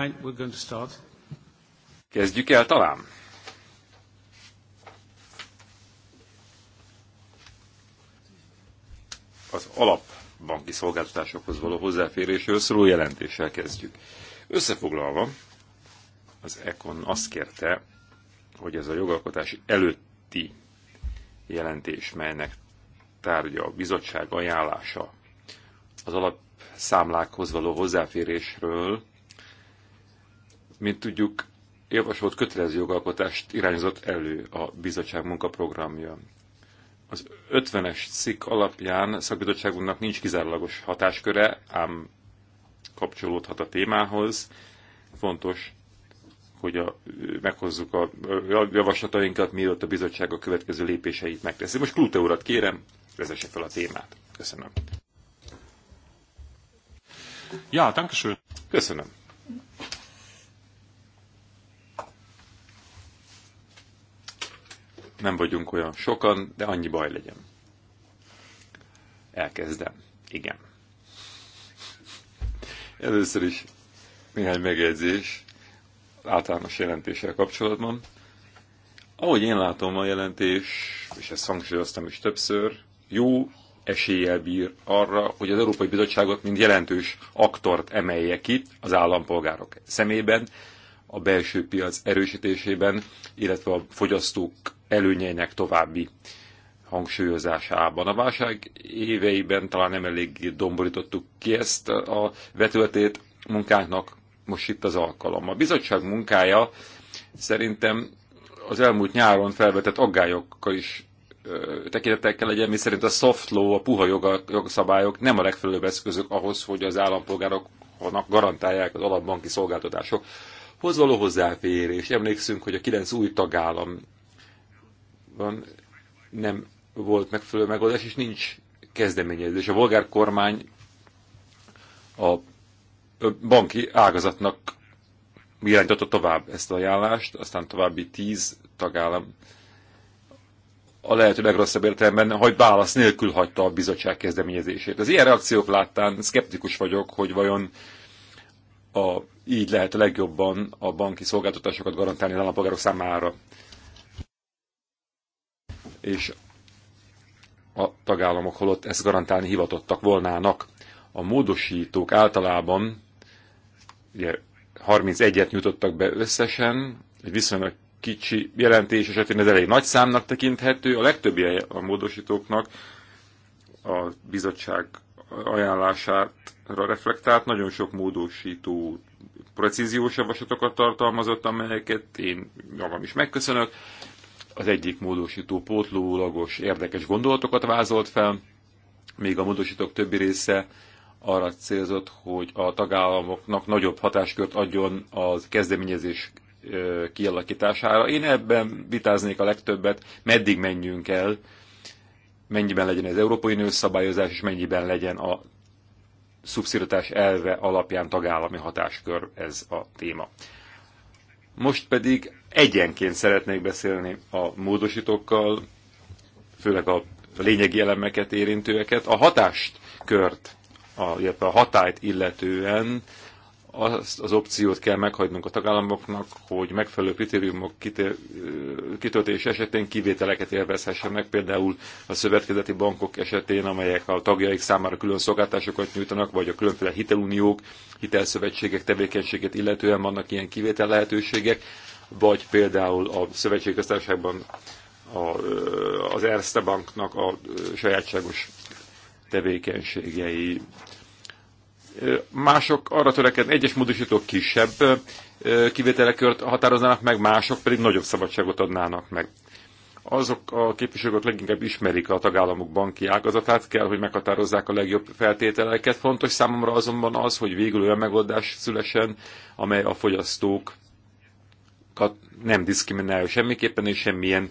Fine, we're going to start. Kezdjük el talán. Az alapbanki szolgáltatásokhoz való hozzáférésről szóló jelentéssel kezdjük. Összefoglalva, az Econ azt kérte, hogy ez a jogalkotás előtti jelentés, melynek tárgya a bizottság ajánlása az alapszámlákhoz való hozzáférésről mint tudjuk, javasolt kötelező jogalkotást irányzott elő a bizottság munkaprogramja. Az 50-es cikk alapján szakbizottságunknak nincs kizárólagos hatásköre, ám kapcsolódhat a témához. Fontos, hogy a, meghozzuk a, a javaslatainkat, mielőtt a bizottság a következő lépéseit megteszi. Most Klute urat kérem, vezesse fel a témát. Köszönöm. Ja, schön. Köszönöm. Nem vagyunk olyan sokan, de annyi baj legyen. Elkezdem. Igen. Először is néhány megjegyzés általános jelentéssel kapcsolatban. Ahogy én látom a jelentés, és ezt hangsúlyoztam is többször, jó eséllyel bír arra, hogy az Európai Bizottságot mint jelentős aktort emelje ki az állampolgárok szemében, a belső piac erősítésében, illetve a fogyasztók előnyeinek további hangsúlyozásában. A válság éveiben talán nem elég domborítottuk ki ezt a vetületét munkánknak, most itt az alkalom. A bizottság munkája szerintem az elmúlt nyáron felvetett aggályokkal is tekintettel kell legyen, miszerint a soft law, a puha jogszabályok nem a legfelelőbb eszközök ahhoz, hogy az állampolgároknak garantálják az alapbanki szolgáltatások hoz való hozzáférés. Emlékszünk, hogy a kilenc új tagállam Magyarországban nem volt megfelelő megoldás, és nincs kezdeményezés. A volgár kormány a banki ágazatnak irányította tovább ezt a ajánlást, aztán további tíz tagállam a lehető legrosszabb értelemben, hogy válasz nélkül hagyta a bizottság kezdeményezését. Az ilyen reakciók láttán szkeptikus vagyok, hogy vajon a, így lehet a legjobban a banki szolgáltatásokat garantálni az állampolgárok számára és a tagállamok holott ezt garantálni hivatottak volnának. A módosítók általában ugye 31-et nyújtottak be összesen, egy viszonylag kicsi jelentés esetén ez elég nagy számnak tekinthető, a legtöbbi a módosítóknak a bizottság ajánlására reflektált, nagyon sok módosító precíziós javaslatokat tartalmazott, amelyeket én magam is megköszönök, az egyik módosító pótlólagos érdekes gondolatokat vázolt fel, még a módosítók többi része arra célzott, hogy a tagállamoknak nagyobb hatáskört adjon az kezdeményezés kialakítására. Én ebben vitáznék a legtöbbet, meddig menjünk el, mennyiben legyen az Európai Uniós szabályozás, és mennyiben legyen a szubszidatás elve alapján tagállami hatáskör ez a téma. Most pedig egyenként szeretnék beszélni a módosítókkal, főleg a lényegi elemeket érintőeket, a hatást kört, a, illetve a hatályt illetően azt az opciót kell meghagynunk a tagállamoknak, hogy megfelelő kritériumok kitöltés esetén kivételeket élvezhessenek, például a szövetkezeti bankok esetén, amelyek a tagjaik számára külön szolgáltatásokat nyújtanak, vagy a különféle hiteluniók, hitelszövetségek tevékenységét illetően vannak ilyen kivétel lehetőségek, vagy például a szövetségköztársaságban a, az Erste Banknak a sajátságos tevékenységei mások arra törekednek, egyes módosítók kisebb kivételekört határoznának meg, mások pedig nagyobb szabadságot adnának meg. Azok a képviselők leginkább ismerik a tagállamok banki ágazatát, kell, hogy meghatározzák a legjobb feltételeket. Fontos számomra azonban az, hogy végül olyan megoldás szülesen, amely a fogyasztókat nem diszkriminálja semmiképpen, és semmilyen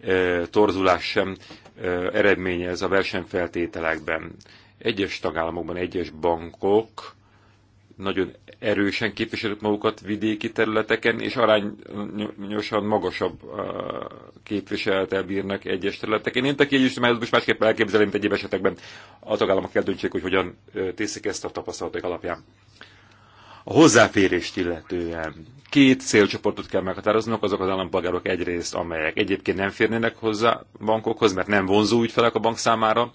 e, torzulás sem e, ez a versenyfeltételekben. Egyes tagállamokban egyes bankok nagyon erősen képviselik magukat vidéki területeken, és arányosan magasabb uh, képviselet elbírnak egyes területeken. Én aki egyes most másképp elképzelem, mint egyéb esetekben a tagállamok eldöntsék, hogy hogyan uh, teszik ezt a tapasztalatok alapján. A hozzáférést illetően két célcsoportot kell meghatároznunk, azok az állampolgárok egyrészt, amelyek egyébként nem férnének hozzá bankokhoz, mert nem vonzó ügyfelek a bank számára,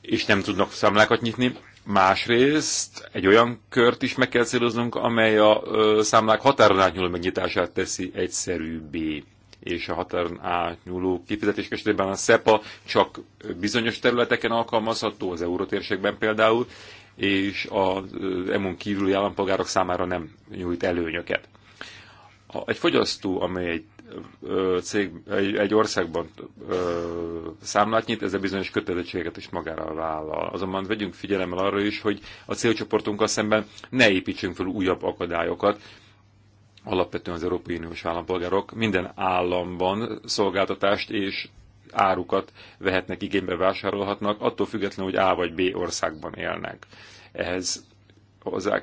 és nem tudnak számlákat nyitni. Másrészt egy olyan kört is meg kell céloznunk, amely a számlák határon átnyúló megnyitását teszi egyszerűbbé és a határon átnyúló kifizetés esetében a SEPA csak bizonyos területeken alkalmazható, az eurotérségben például, és az EMUN kívüli állampolgárok számára nem nyújt előnyöket. Egy fogyasztó, amely egy cég egy, egy országban ö, számlát nyit, a bizonyos kötelezettségeket is magára vállal. Azonban vegyünk figyelemmel arra is, hogy a célcsoportunkkal szemben ne építsünk fel újabb akadályokat. Alapvetően az Európai Uniós állampolgárok minden államban szolgáltatást és árukat vehetnek, igénybe vásárolhatnak, attól függetlenül, hogy A vagy B országban élnek. Ehhez hozzá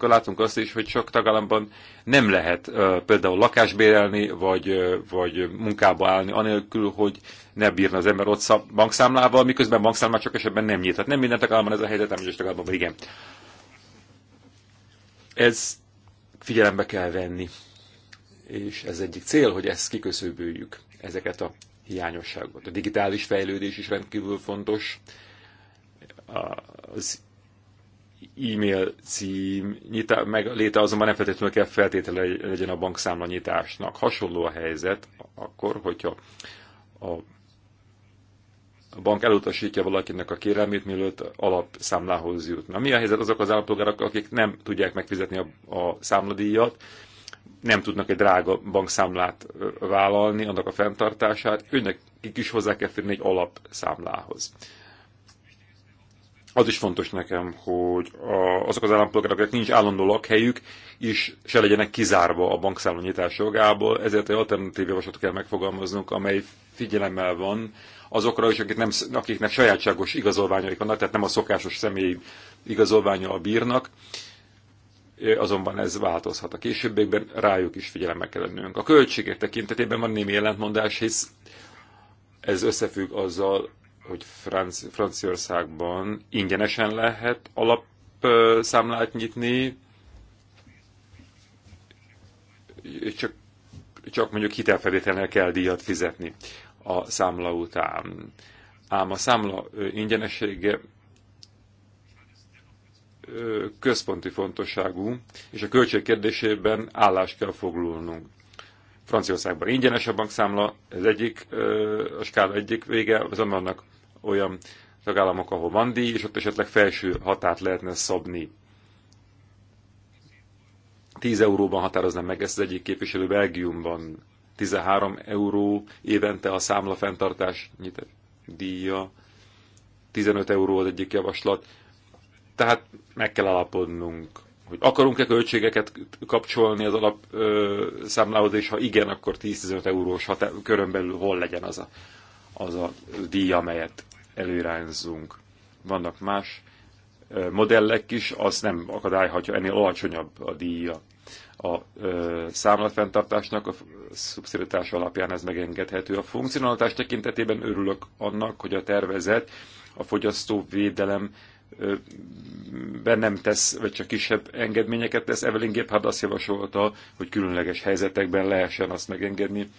látunk azt is, hogy sok tagállamban nem lehet például lakásbérelni, vagy, vagy munkába állni, anélkül, hogy ne bírna az ember ott bankszámlával, miközben bankszámlát csak esetben nem nyit. Hát nem minden tagállamban ez a helyzet, nem is tagállamban, igen. Ez figyelembe kell venni, és ez egyik cél, hogy ezt kiköszöböljük, ezeket a hiányosságokat. A digitális fejlődés is rendkívül fontos, az e-mail cím nyitá, meg léte azonban nem feltétlenül kell feltétele legyen a bankszámla nyitásnak. Hasonló a helyzet akkor, hogyha a a bank elutasítja valakinek a kérelmét, mielőtt alapszámlához jutna. Mi a helyzet azok az állampolgárok, akik nem tudják megfizetni a, a számladíjat, nem tudnak egy drága bankszámlát vállalni, annak a fenntartását, őnek is hozzá kell férni egy alapszámlához az is fontos nekem, hogy a, azok az állampolgárok, akik nincs állandó lakhelyük, is se legyenek kizárva a nyitás jogából, ezért egy alternatív javaslatot kell megfogalmaznunk, amely figyelemmel van azokra is, akik nem, akiknek sajátságos igazolványaik vannak, tehát nem a szokásos személyi a bírnak, azonban ez változhat a későbbiekben, rájuk is figyelemmel kell lennünk. A költségek tekintetében van némi jelentmondás, hisz ez összefügg azzal, hogy Franci Franciaországban ingyenesen lehet alapszámlát nyitni, csak, csak mondjuk hitelfelvételnél kell díjat fizetni a számla után. Ám a számla ingyenessége központi fontosságú, és a költség kérdésében állást kell foglalnunk. Franciaországban ingyenes a bankszámla, ez egyik, a skála egyik vége, azonban vannak olyan tagállamok, ahol van díj, és ott esetleg felső hatát lehetne szabni. 10 euróban határoznám meg ezt az egyik képviselő Belgiumban. 13 euró évente a számla fenntartás díja, 15 euró az egyik javaslat. Tehát meg kell alapodnunk, hogy akarunk-e költségeket kapcsolni az alapszámlához, és ha igen, akkor 10-15 eurós határ, körön belül hol legyen az a az a díj, amelyet előirányzunk. Vannak más modellek is, az nem akadályhatja, ennél alacsonyabb a díja. A ö, számlatfenntartásnak a szubszidiaritás alapján ez megengedhető. A funkcionalitás tekintetében örülök annak, hogy a tervezet a fogyasztóvédelem be nem tesz, vagy csak kisebb engedményeket tesz. Evelyn Gephardt azt javasolta, hogy különleges helyzetekben lehessen azt megengedni,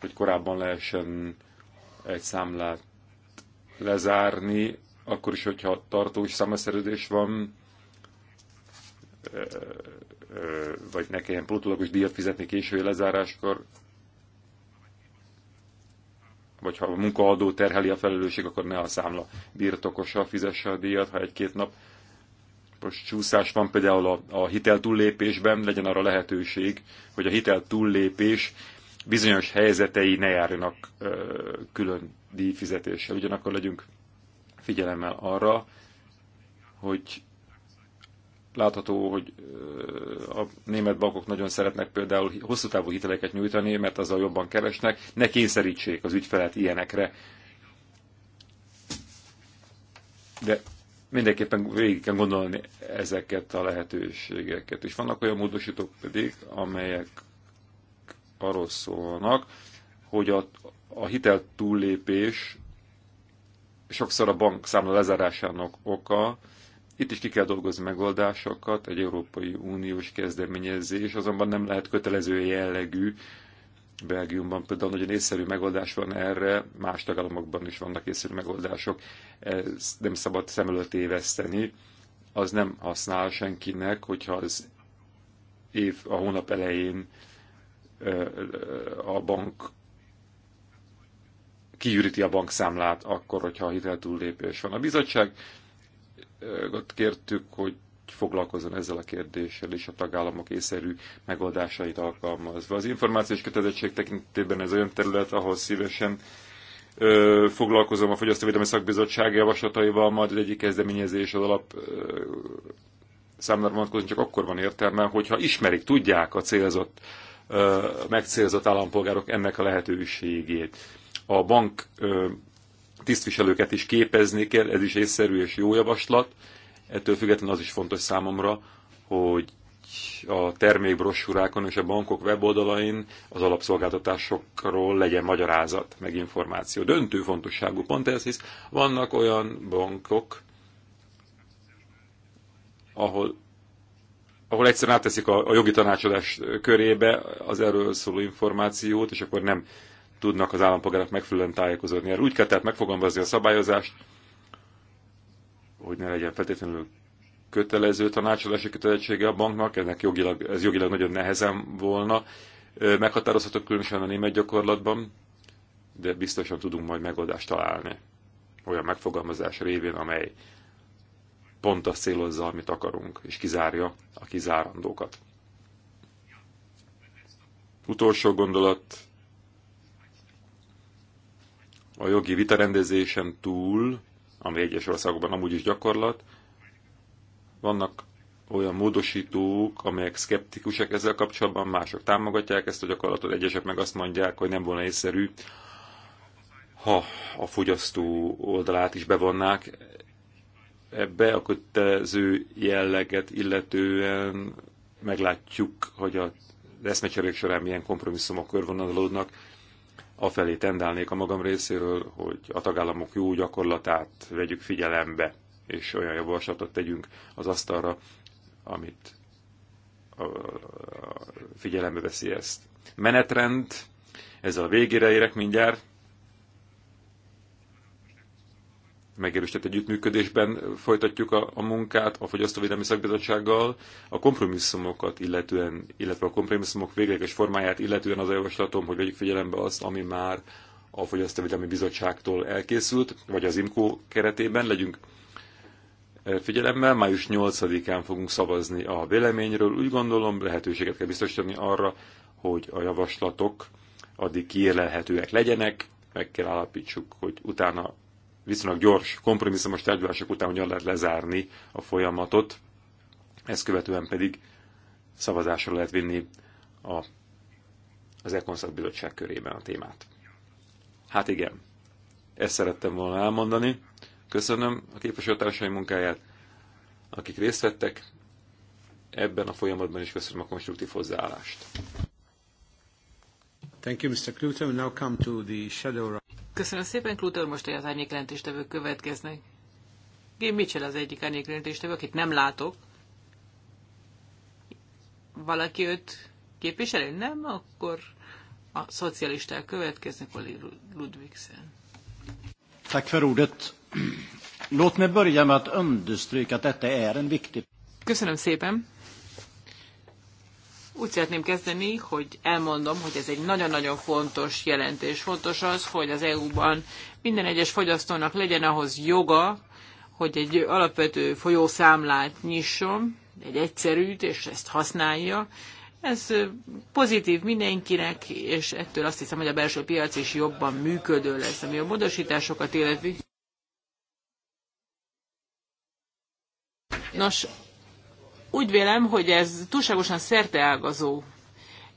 hogy korábban lehessen egy számlát lezárni, akkor is, hogyha tartós számaszerződés van, vagy ne kelljen plutulagos díjat fizetni késői lezáráskor, vagy ha a munkaadó terheli a felelősség, akkor ne a számla birtokosa fizesse a díjat, ha egy-két nap most csúszás van például a, a hitel túllépésben, legyen arra lehetőség, hogy a hitel túllépés bizonyos helyzetei ne járjanak külön díjfizetéssel. Ugyanakkor legyünk figyelemmel arra, hogy látható, hogy a német bankok nagyon szeretnek például hosszú távú hiteleket nyújtani, mert azzal jobban keresnek, ne kényszerítsék az ügyfelet ilyenekre. De mindenképpen végig kell gondolni ezeket a lehetőségeket. És vannak olyan módosítók pedig, amelyek arról szólnak, hogy a, a hitel túllépés sokszor a bank számla lezárásának oka, itt is ki kell dolgozni megoldásokat, egy Európai Uniós kezdeményezés, azonban nem lehet kötelező jellegű. Belgiumban például nagyon észszerű megoldás van erre, más tagállamokban is vannak észszerű megoldások, ezt nem szabad szem előtt éveszteni. Az nem használ senkinek, hogyha az év, a hónap elején a bank kiüríti a bankszámlát akkor, hogyha a hitel túllépés van. A bizottság ott kértük, hogy foglalkozzon ezzel a kérdéssel, és a tagállamok észszerű megoldásait alkalmazva. Az információs kötelezettség tekintetében ez olyan terület, ahol szívesen ö, foglalkozom a Fogyasztóvédelmi Szakbizottság javaslataival, majd az egyik kezdeményezés az alap ö, számlára csak akkor van értelme, hogyha ismerik, tudják a célzott megcélzott állampolgárok ennek a lehetőségét. A bank tisztviselőket is képezni kell, ez is észszerű és jó javaslat. Ettől függetlenül az is fontos számomra, hogy a termékbrosúrákon és a bankok weboldalain az alapszolgáltatásokról legyen magyarázat, meg információ. Döntő fontosságú pont ez, hisz vannak olyan bankok, ahol ahol egyszerűen átteszik a, a jogi tanácsadás körébe az erről szóló információt, és akkor nem tudnak az állampolgárok megfelelően tájékozódni. Erről úgy kell tehát megfogalmazni a szabályozást, hogy ne legyen feltétlenül kötelező tanácsadási kötelezettsége a banknak, ennek jogilag, ez jogilag nagyon nehezen volna meghatározható, különösen a német gyakorlatban, de biztosan tudunk majd megoldást találni olyan megfogalmazás révén, amely pont azt célozza, amit akarunk, és kizárja a kizárandókat. Utolsó gondolat, a jogi vitarendezésen túl, ami egyes országokban amúgy is gyakorlat, vannak olyan módosítók, amelyek szkeptikusak ezzel kapcsolatban, mások támogatják ezt a gyakorlatot, egyesek meg azt mondják, hogy nem volna észszerű, ha a fogyasztó oldalát is bevonnák ebbe a kötelező jelleget illetően meglátjuk, hogy a eszmecserék során milyen kompromisszumok körvonalódnak. Afelé tendálnék a magam részéről, hogy a tagállamok jó gyakorlatát vegyük figyelembe, és olyan javaslatot tegyünk az asztalra, amit figyelembe veszi ezt. Menetrend, ezzel a végére érek mindjárt. megerősített együttműködésben folytatjuk a, a munkát a Fogyasztóvédelmi Szakbizottsággal, a kompromisszumokat illetően, illetve a kompromisszumok végleges formáját illetően az a javaslatom, hogy vegyük figyelembe azt, ami már a Fogyasztóvédelmi Bizottságtól elkészült, vagy az IMCO keretében legyünk e, figyelemmel. Május 8-án fogunk szavazni a véleményről. Úgy gondolom, lehetőséget kell biztosítani arra, hogy a javaslatok addig kiérlelhetőek legyenek, meg kell állapítsuk, hogy utána viszonylag gyors, kompromisszumos tárgyalások után hogyan lehet lezárni a folyamatot, ezt követően pedig szavazásra lehet vinni a, az Ekonszak Bizottság körében a témát. Hát igen, ezt szerettem volna elmondani. Köszönöm a képviselőtársai munkáját, akik részt vettek ebben a folyamatban, is köszönöm a konstruktív hozzáállást. Thank you, Mr. Kluter. We now come to the shadow Köszönöm szépen, Klúter, most az árnyékjelentéstevők következnek. Gim Mitchell az egyik árnyékjelentéstevő, akit nem látok. Valaki őt képviseli? Nem? Akkor a szocialisták következnek, Oli Ludvigsen. Tack för ordet. Låt mig börja med att understryka att detta är en viktig... Köszönöm szépen. Úgy szeretném kezdeni, hogy elmondom, hogy ez egy nagyon-nagyon fontos jelentés. Fontos az, hogy az EU-ban minden egyes fogyasztónak legyen ahhoz joga, hogy egy alapvető folyószámlát nyisson, egy egyszerűt, és ezt használja. Ez pozitív mindenkinek, és ettől azt hiszem, hogy a belső piac is jobban működő lesz, ami a módosításokat illeti. Nos, úgy vélem, hogy ez túlságosan szerteágazó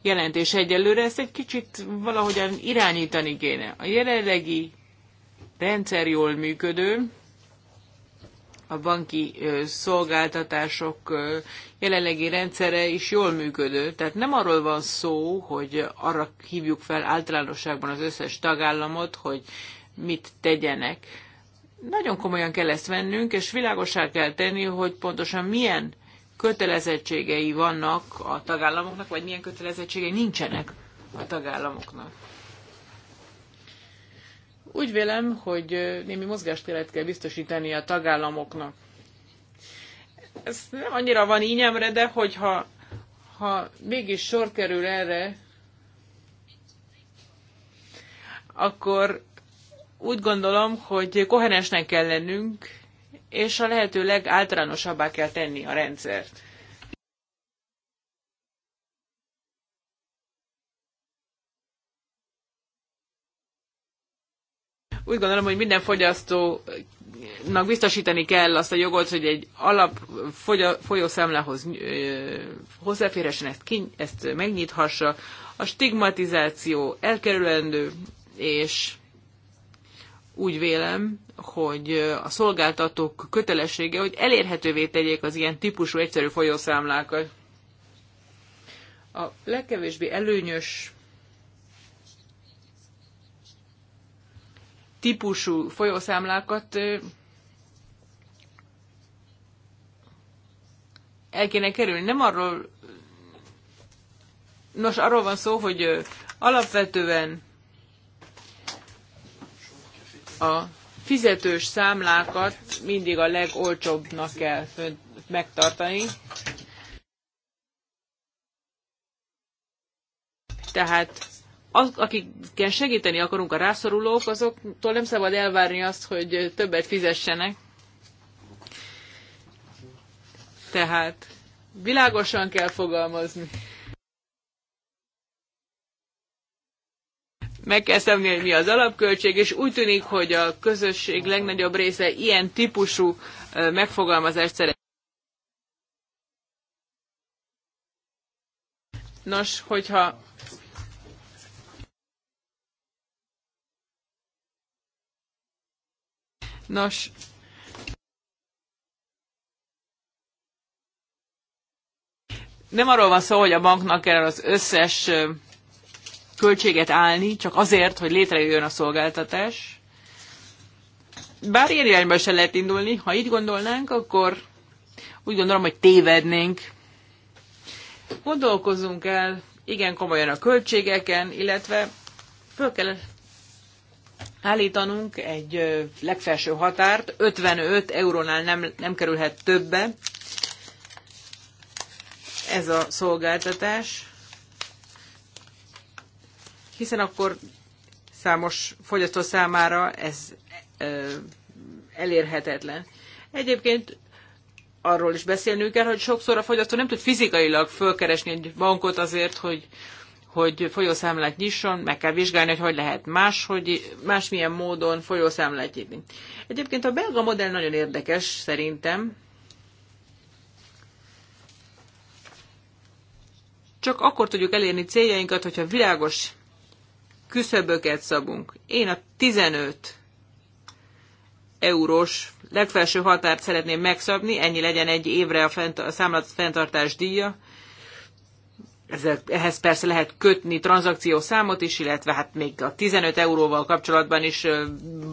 jelentés egyelőre, ezt egy kicsit valahogyan irányítani kéne. A jelenlegi rendszer jól működő, a banki szolgáltatások jelenlegi rendszere is jól működő. Tehát nem arról van szó, hogy arra hívjuk fel általánosságban az összes tagállamot, hogy mit tegyenek. Nagyon komolyan kell ezt vennünk, és világosá kell tenni, hogy pontosan milyen kötelezettségei vannak a tagállamoknak, vagy milyen kötelezettségei nincsenek a tagállamoknak. Úgy vélem, hogy némi mozgástéret kell biztosítani a tagállamoknak. Ez nem annyira van ínyemre, de hogyha ha mégis sor kerül erre, akkor úgy gondolom, hogy koherensnek kell lennünk, és a lehető legáltalánosabbá kell tenni a rendszert. Úgy gondolom, hogy minden fogyasztónak biztosítani kell azt a jogot, hogy egy alap folyószámlához hozzáférhessen, ezt, ezt megnyithassa. A stigmatizáció elkerülendő, és úgy vélem, hogy a szolgáltatók kötelessége, hogy elérhetővé tegyék az ilyen típusú egyszerű folyószámlákat. A legkevésbé előnyös típusú folyószámlákat el kéne kerülni. Nem arról, nos, arról van szó, hogy alapvetően a fizetős számlákat mindig a legolcsóbbnak kell megtartani. Tehát az, akikkel segíteni akarunk a rászorulók, azoktól nem szabad elvárni azt, hogy többet fizessenek. Tehát világosan kell fogalmazni. meg kell szemni, hogy mi az alapköltség, és úgy tűnik, hogy a közösség legnagyobb része ilyen típusú megfogalmazást szeret. Nos, hogyha Nos, nem arról van szó, hogy a banknak kell az összes költséget állni, csak azért, hogy létrejöjjön a szolgáltatás. Bár ilyen irányba se lehet indulni, ha így gondolnánk, akkor úgy gondolom, hogy tévednénk. Gondolkozunk el igen komolyan a költségeken, illetve föl kell állítanunk egy legfelső határt, 55 eurónál nem, nem kerülhet többe ez a szolgáltatás hiszen akkor számos fogyasztó számára ez elérhetetlen. Egyébként arról is beszélnünk kell, hogy sokszor a fogyasztó nem tud fizikailag fölkeresni egy bankot azért, hogy, hogy folyószámlát nyisson, meg kell vizsgálni, hogy hogy lehet más, hogy másmilyen módon folyószámlát nyitni. Egyébként a belga modell nagyon érdekes szerintem. Csak akkor tudjuk elérni céljainkat, hogyha világos küszöböket szabunk. Én a 15 eurós legfelső határt szeretném megszabni, ennyi legyen egy évre a, fent, a számlat fenntartás díja. Ezzel, ehhez persze lehet kötni tranzakció számot is, illetve hát még a 15 euróval kapcsolatban is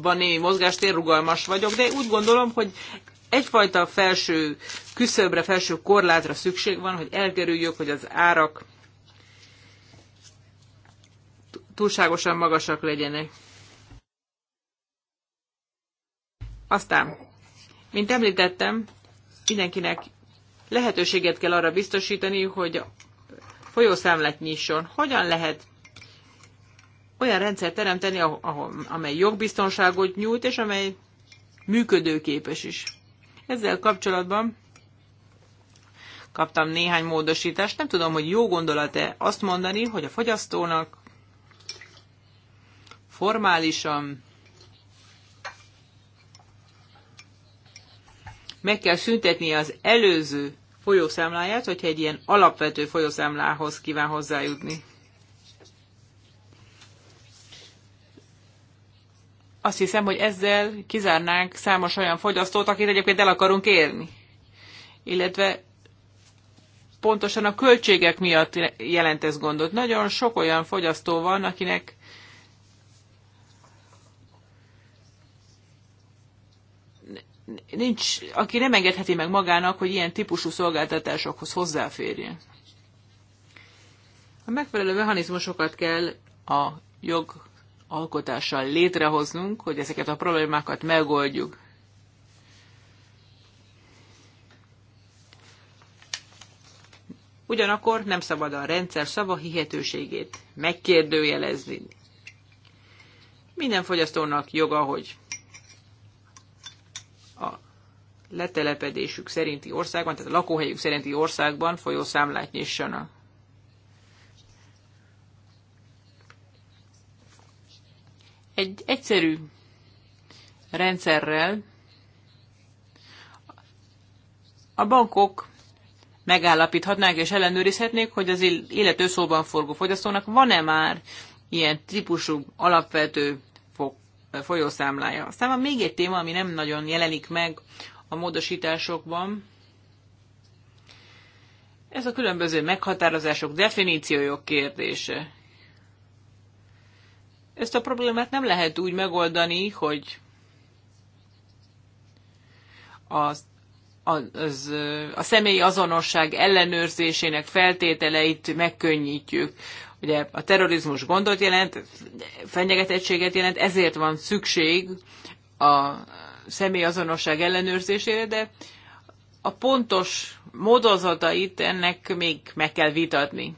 van némi mozgástér, rugalmas vagyok, de úgy gondolom, hogy egyfajta felső küszöbre, felső korlátra szükség van, hogy elkerüljük, hogy az árak túlságosan magasak legyenek. Aztán, mint említettem, mindenkinek lehetőséget kell arra biztosítani, hogy a folyószámlát nyisson. Hogyan lehet olyan rendszer teremteni, ahol, amely jogbiztonságot nyújt, és amely működőképes is. Ezzel kapcsolatban kaptam néhány módosítást. Nem tudom, hogy jó gondolat-e azt mondani, hogy a fogyasztónak formálisan meg kell szüntetni az előző folyószámláját, hogyha egy ilyen alapvető folyószámlához kíván hozzájutni. Azt hiszem, hogy ezzel kizárnánk számos olyan fogyasztót, akit egyébként el akarunk érni. Illetve pontosan a költségek miatt jelent ez gondot. Nagyon sok olyan fogyasztó van, akinek nincs, aki nem engedheti meg magának, hogy ilyen típusú szolgáltatásokhoz hozzáférjen. A megfelelő mechanizmusokat kell a jogalkotással létrehoznunk, hogy ezeket a problémákat megoldjuk. Ugyanakkor nem szabad a rendszer szava hihetőségét megkérdőjelezni. Minden fogyasztónak joga, hogy letelepedésük szerinti országban, tehát a lakóhelyük szerinti országban folyószámlát nyissanak. Egy egyszerű rendszerrel a bankok megállapíthatnák és ellenőrizhetnék, hogy az illető szóban forgó fogyasztónak van-e már ilyen típusú alapvető folyószámlája. Aztán van még egy téma, ami nem nagyon jelenik meg a módosításokban. Ez a különböző meghatározások definíciójog kérdése. Ezt a problémát nem lehet úgy megoldani, hogy az, az, a személyi azonosság ellenőrzésének feltételeit megkönnyítjük. Ugye a terrorizmus gondot jelent, fenyegetettséget jelent, ezért van szükség a, személyazonosság ellenőrzésére, de a pontos módozatait ennek még meg kell vitatni.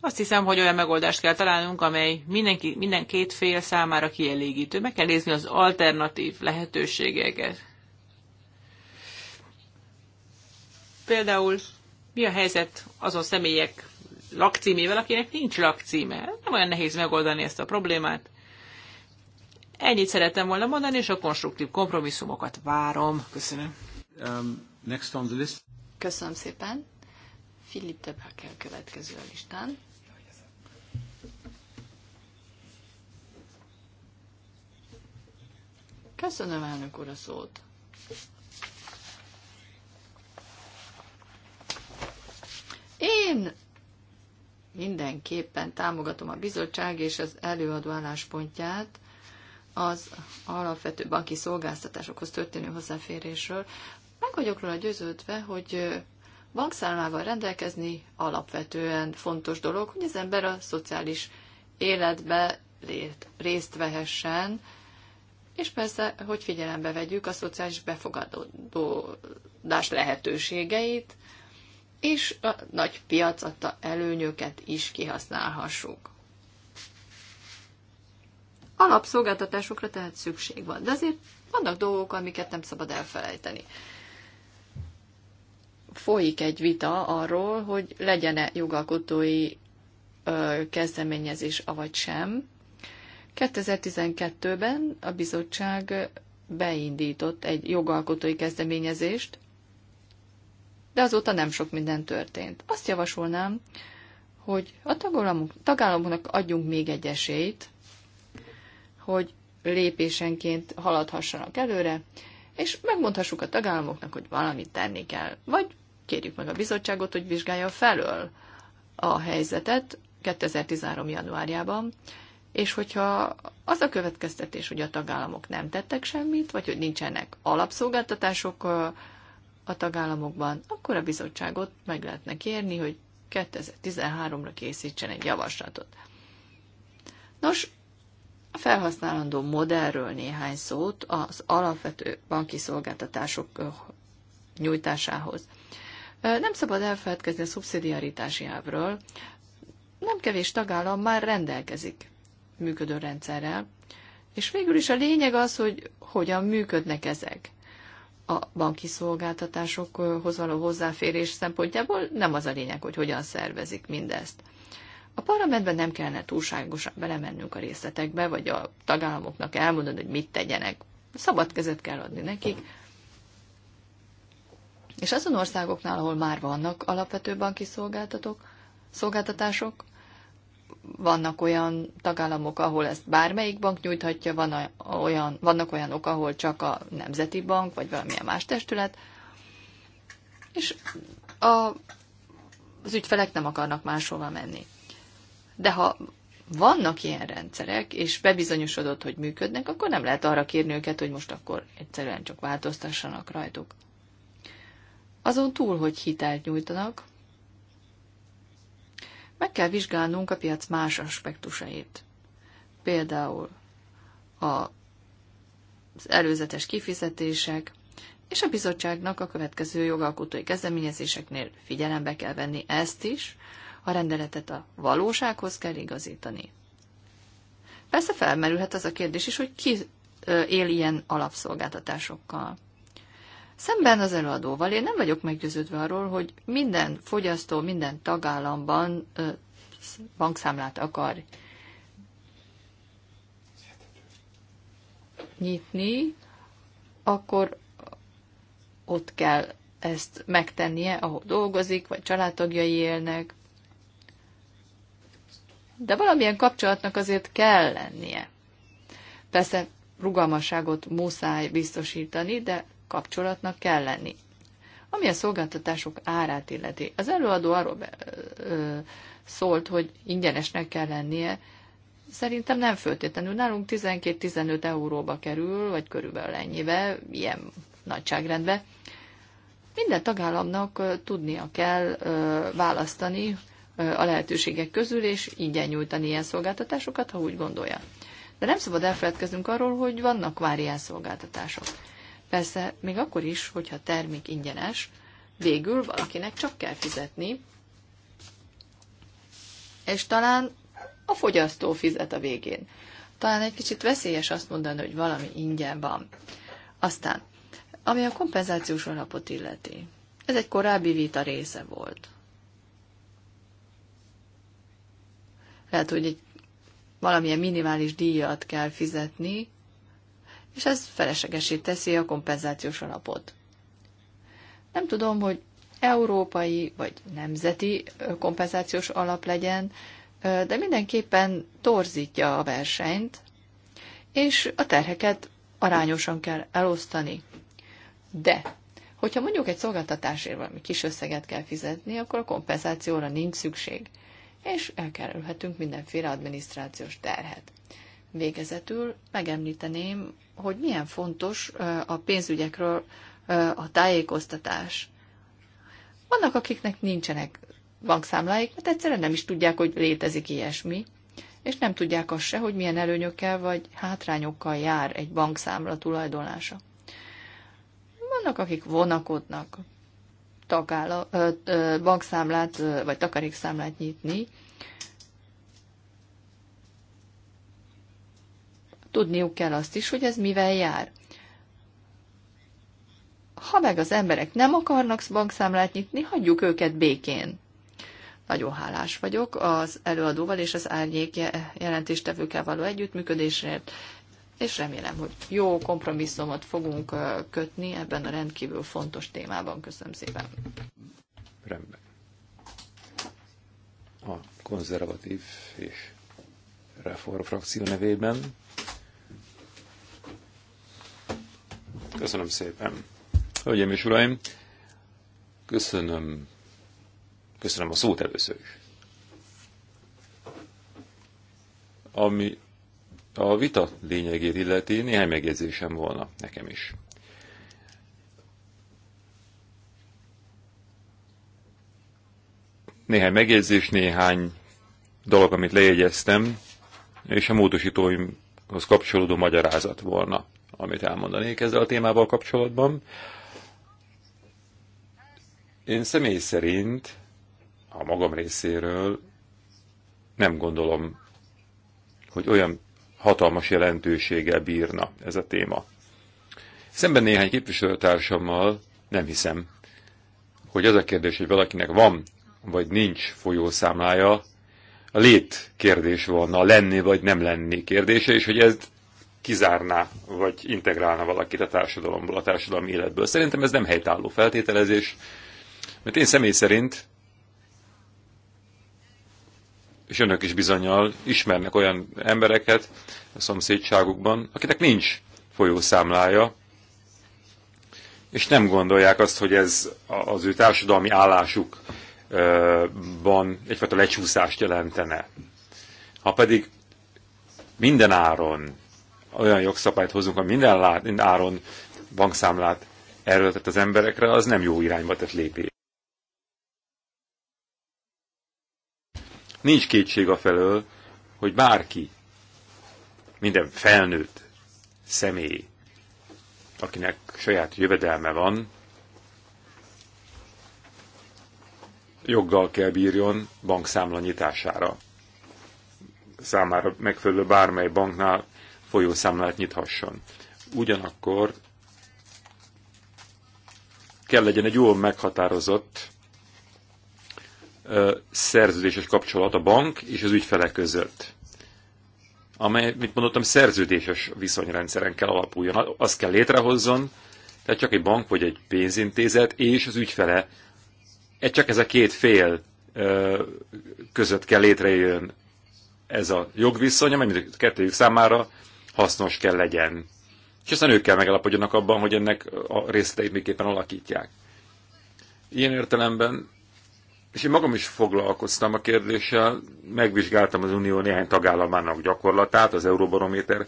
Azt hiszem, hogy olyan megoldást kell találnunk, amely mindenki, minden két fél számára kielégítő. Meg kell nézni az alternatív lehetőségeket. Például mi a helyzet azon személyek lakcímével, akinek nincs lakcíme? Nem olyan nehéz megoldani ezt a problémát. Ennyit szerettem volna mondani, és a konstruktív kompromisszumokat várom. Köszönöm. Um, next on the list. Köszönöm szépen. Filip Debakel következő a listán. Köszönöm, elnök úr, a szót. Én mindenképpen támogatom a bizottság és az előadó álláspontját, az alapvető banki szolgáltatásokhoz történő hozzáférésről, meg vagyok róla győződve, hogy bankszámlával rendelkezni alapvetően fontos dolog, hogy az ember a szociális életbe részt vehessen, és persze, hogy figyelembe vegyük a szociális befogadódás lehetőségeit, és a nagy piac adta előnyöket is kihasználhassuk alapszolgáltatásokra tehát szükség van. De azért vannak dolgok, amiket nem szabad elfelejteni. Folyik egy vita arról, hogy legyen-e jogalkotói ö, kezdeményezés, avagy sem. 2012-ben a bizottság beindított egy jogalkotói kezdeményezést, de azóta nem sok minden történt. Azt javasolnám, hogy a tagállamoknak adjunk még egy esélyt, hogy lépésenként haladhassanak előre, és megmondhassuk a tagállamoknak, hogy valamit tenni kell, vagy kérjük meg a bizottságot, hogy vizsgálja felől a helyzetet 2013. januárjában, és hogyha az a következtetés, hogy a tagállamok nem tettek semmit, vagy hogy nincsenek alapszolgáltatások a tagállamokban, akkor a bizottságot meg lehetne kérni, hogy 2013-ra készítsen egy javaslatot. Nos, a felhasználandó modellről néhány szót az alapvető banki szolgáltatások nyújtásához. Nem szabad elfeledkezni a szubszidiaritási elvről. Nem kevés tagállam már rendelkezik működő rendszerrel, és végül is a lényeg az, hogy hogyan működnek ezek. A banki szolgáltatásokhoz való hozzáférés szempontjából nem az a lényeg, hogy hogyan szervezik mindezt. A parlamentben nem kellene túlságosan belemennünk a részletekbe, vagy a tagállamoknak elmondani, hogy mit tegyenek. Szabad kezet kell adni nekik. És azon országoknál, ahol már vannak alapvető banki szolgáltatók, szolgáltatások, vannak olyan tagállamok, ahol ezt bármelyik bank nyújthatja, van olyan, vannak olyanok, ahol csak a Nemzeti Bank, vagy valamilyen más testület, és a, az ügyfelek nem akarnak máshova menni de ha vannak ilyen rendszerek, és bebizonyosodott, hogy működnek, akkor nem lehet arra kérni őket, hogy most akkor egyszerűen csak változtassanak rajtuk. Azon túl, hogy hitelt nyújtanak, meg kell vizsgálnunk a piac más aspektusait. Például a, az előzetes kifizetések, és a bizottságnak a következő jogalkotói kezdeményezéseknél figyelembe kell venni ezt is, a rendeletet a valósághoz kell igazítani. Persze felmerülhet az a kérdés is, hogy ki él ilyen alapszolgáltatásokkal. Szemben az előadóval én nem vagyok meggyőződve arról, hogy minden fogyasztó, minden tagállamban bankszámlát akar nyitni, akkor ott kell ezt megtennie, ahol dolgozik, vagy családtagjai élnek de valamilyen kapcsolatnak azért kell lennie. Persze rugalmasságot muszáj biztosítani, de kapcsolatnak kell lenni. Ami a szolgáltatások árát illeti. Az előadó arról be, ö, szólt, hogy ingyenesnek kell lennie. Szerintem nem föltétlenül. Nálunk 12-15 euróba kerül, vagy körülbelül ennyibe, ilyen nagyságrendben. Minden tagállamnak tudnia kell választani, a lehetőségek közül, és ingyen nyújtani ilyen szolgáltatásokat, ha úgy gondolja. De nem szabad elfeledkeznünk arról, hogy vannak már ilyen szolgáltatások. Persze, még akkor is, hogyha a termék ingyenes, végül valakinek csak kell fizetni, és talán a fogyasztó fizet a végén. Talán egy kicsit veszélyes azt mondani, hogy valami ingyen van. Aztán, ami a kompenzációs alapot illeti, ez egy korábbi vita része volt. Lehet, hogy egy valamilyen minimális díjat kell fizetni, és ez feleslegesé teszi a kompenzációs alapot. Nem tudom, hogy európai vagy nemzeti kompenzációs alap legyen, de mindenképpen torzítja a versenyt, és a terheket arányosan kell elosztani. De, hogyha mondjuk egy szolgáltatásért valami kis összeget kell fizetni, akkor a kompenzációra nincs szükség és elkerülhetünk mindenféle adminisztrációs terhet. Végezetül megemlíteném, hogy milyen fontos a pénzügyekről a tájékoztatás. Vannak, akiknek nincsenek bankszámláik, mert egyszerűen nem is tudják, hogy létezik ilyesmi, és nem tudják azt se, hogy milyen előnyökkel vagy hátrányokkal jár egy bankszámla tulajdonlása. Vannak, akik vonakodnak, tagála, ö, ö, bankszámlát ö, vagy takarékszámlát nyitni. Tudniuk kell azt is, hogy ez mivel jár. Ha meg az emberek nem akarnak bankszámlát nyitni, hagyjuk őket békén. Nagyon hálás vagyok az előadóval és az árnyék jelentéstevőkkel való együttműködésért és remélem, hogy jó kompromisszumot fogunk kötni ebben a rendkívül fontos témában. Köszönöm szépen. Rendben. A konzervatív és reform frakció nevében. Köszönöm szépen. Hölgyeim és uraim, köszönöm, köszönöm a szót először is. Ami a vita lényegét illeti néhány megjegyzésem volna nekem is. Néhány megjegyzés, néhány dolog, amit lejegyeztem, és a módosítóimhoz kapcsolódó magyarázat volna, amit elmondanék ezzel a témával kapcsolatban. Én személy szerint, a magam részéről nem gondolom, hogy olyan hatalmas jelentősége bírna ez a téma. Szemben néhány képviselőtársammal nem hiszem, hogy az a kérdés, hogy valakinek van vagy nincs folyószámlája, a lét kérdés volna, a lenni vagy nem lenni kérdése, és hogy ez kizárná, vagy integrálna valakit a társadalomból, a társadalmi életből. Szerintem ez nem helytálló feltételezés, mert én személy szerint és önök is bizonyal ismernek olyan embereket a szomszédságukban, akinek nincs folyószámlája, és nem gondolják azt, hogy ez az ő társadalmi állásukban egyfajta lecsúszást jelentene. Ha pedig minden áron olyan jogszabályt hozunk, hogy minden áron bankszámlát erőltet az emberekre, az nem jó irányba tett lépés. Nincs kétség a felől, hogy bárki, minden felnőtt személy, akinek saját jövedelme van, joggal kell bírjon bankszámla nyitására. Számára megfelelő bármely banknál folyószámlát nyithasson. Ugyanakkor kell legyen egy jól meghatározott szerződéses kapcsolat a bank és az ügyfelek között amely, mint mondottam, szerződéses viszonyrendszeren kell alapuljon. Azt kell létrehozzon, tehát csak egy bank vagy egy pénzintézet és az ügyfele, csak ez a két fél között kell létrejön ez a jogviszony, amely mind a kettőjük számára hasznos kell legyen. És aztán ők kell megalapodjanak abban, hogy ennek a részleteit miképpen alakítják. Ilyen értelemben és én magam is foglalkoztam a kérdéssel, megvizsgáltam az Unió néhány tagállamának gyakorlatát, az Euróbarométer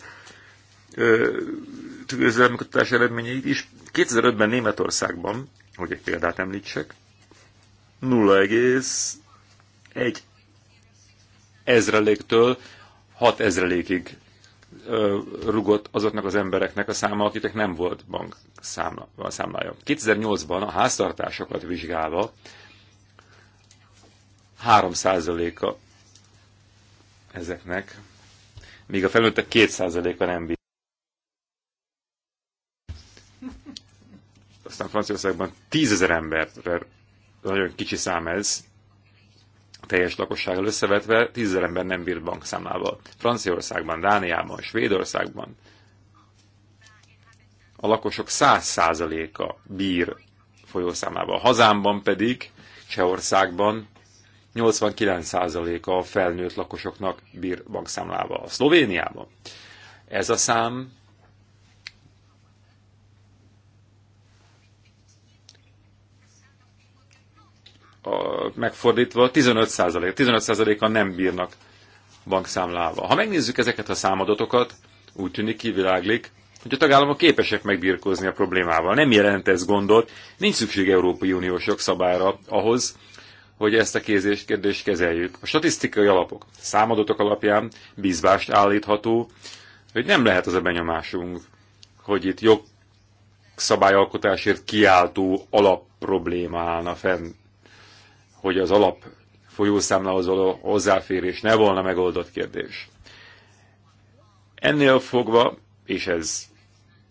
tűzőlemkutatás eredményeit is. 2005-ben Németországban, hogy egy példát említsek, 0,1 ezreléktől 6 ezrelékig rugott azoknak az embereknek a száma, akiknek nem volt bank számla, a számlája. 2008-ban a háztartásokat vizsgálva 3%-a ezeknek, míg a felnőttek 2%-a nem bír. Aztán Franciaországban 10 ezer emberre nagyon kicsi szám ez, a teljes lakossággal összevetve 10 ezer ember nem bír bankszámlával. Franciaországban, Dániában, Svédországban a lakosok 100%-a bír folyószámlával. Hazámban pedig, Csehországban 89%-a a felnőtt lakosoknak bír bankszámlával. A Szlovéniában ez a szám a, megfordítva 15%, 15%-a nem bírnak bankszámlával. Ha megnézzük ezeket a számadatokat, úgy tűnik kiviláglik, hogy a tagállamok képesek megbírkozni a problémával. Nem jelent ez gondot, nincs szükség Európai Uniósok szabályra ahhoz, hogy ezt a kézés kérdést kezeljük. A statisztikai alapok, számadatok alapján bízvást állítható, hogy nem lehet az a benyomásunk, hogy itt szabályalkotásért kiáltó probléma, állna fenn, hogy az alap folyószámlához való hozzáférés ne volna megoldott kérdés. Ennél fogva, és ez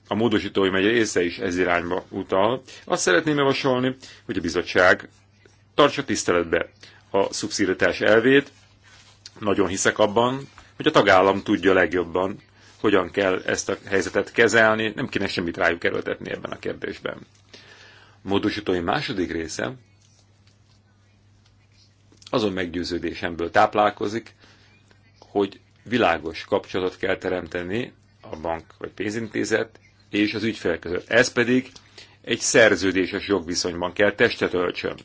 a módosítói megy része is ez irányba utal, azt szeretném javasolni, hogy a bizottság tartsa tiszteletbe a szubszidiatás elvét. Nagyon hiszek abban, hogy a tagállam tudja legjobban, hogyan kell ezt a helyzetet kezelni, nem kéne semmit rájuk erőltetni ebben a kérdésben. Módosítói második része azon meggyőződésemből táplálkozik, hogy világos kapcsolatot kell teremteni a bank vagy pénzintézet és az ügyfél között. Ez pedig egy szerződéses jogviszonyban kell testet öltsön.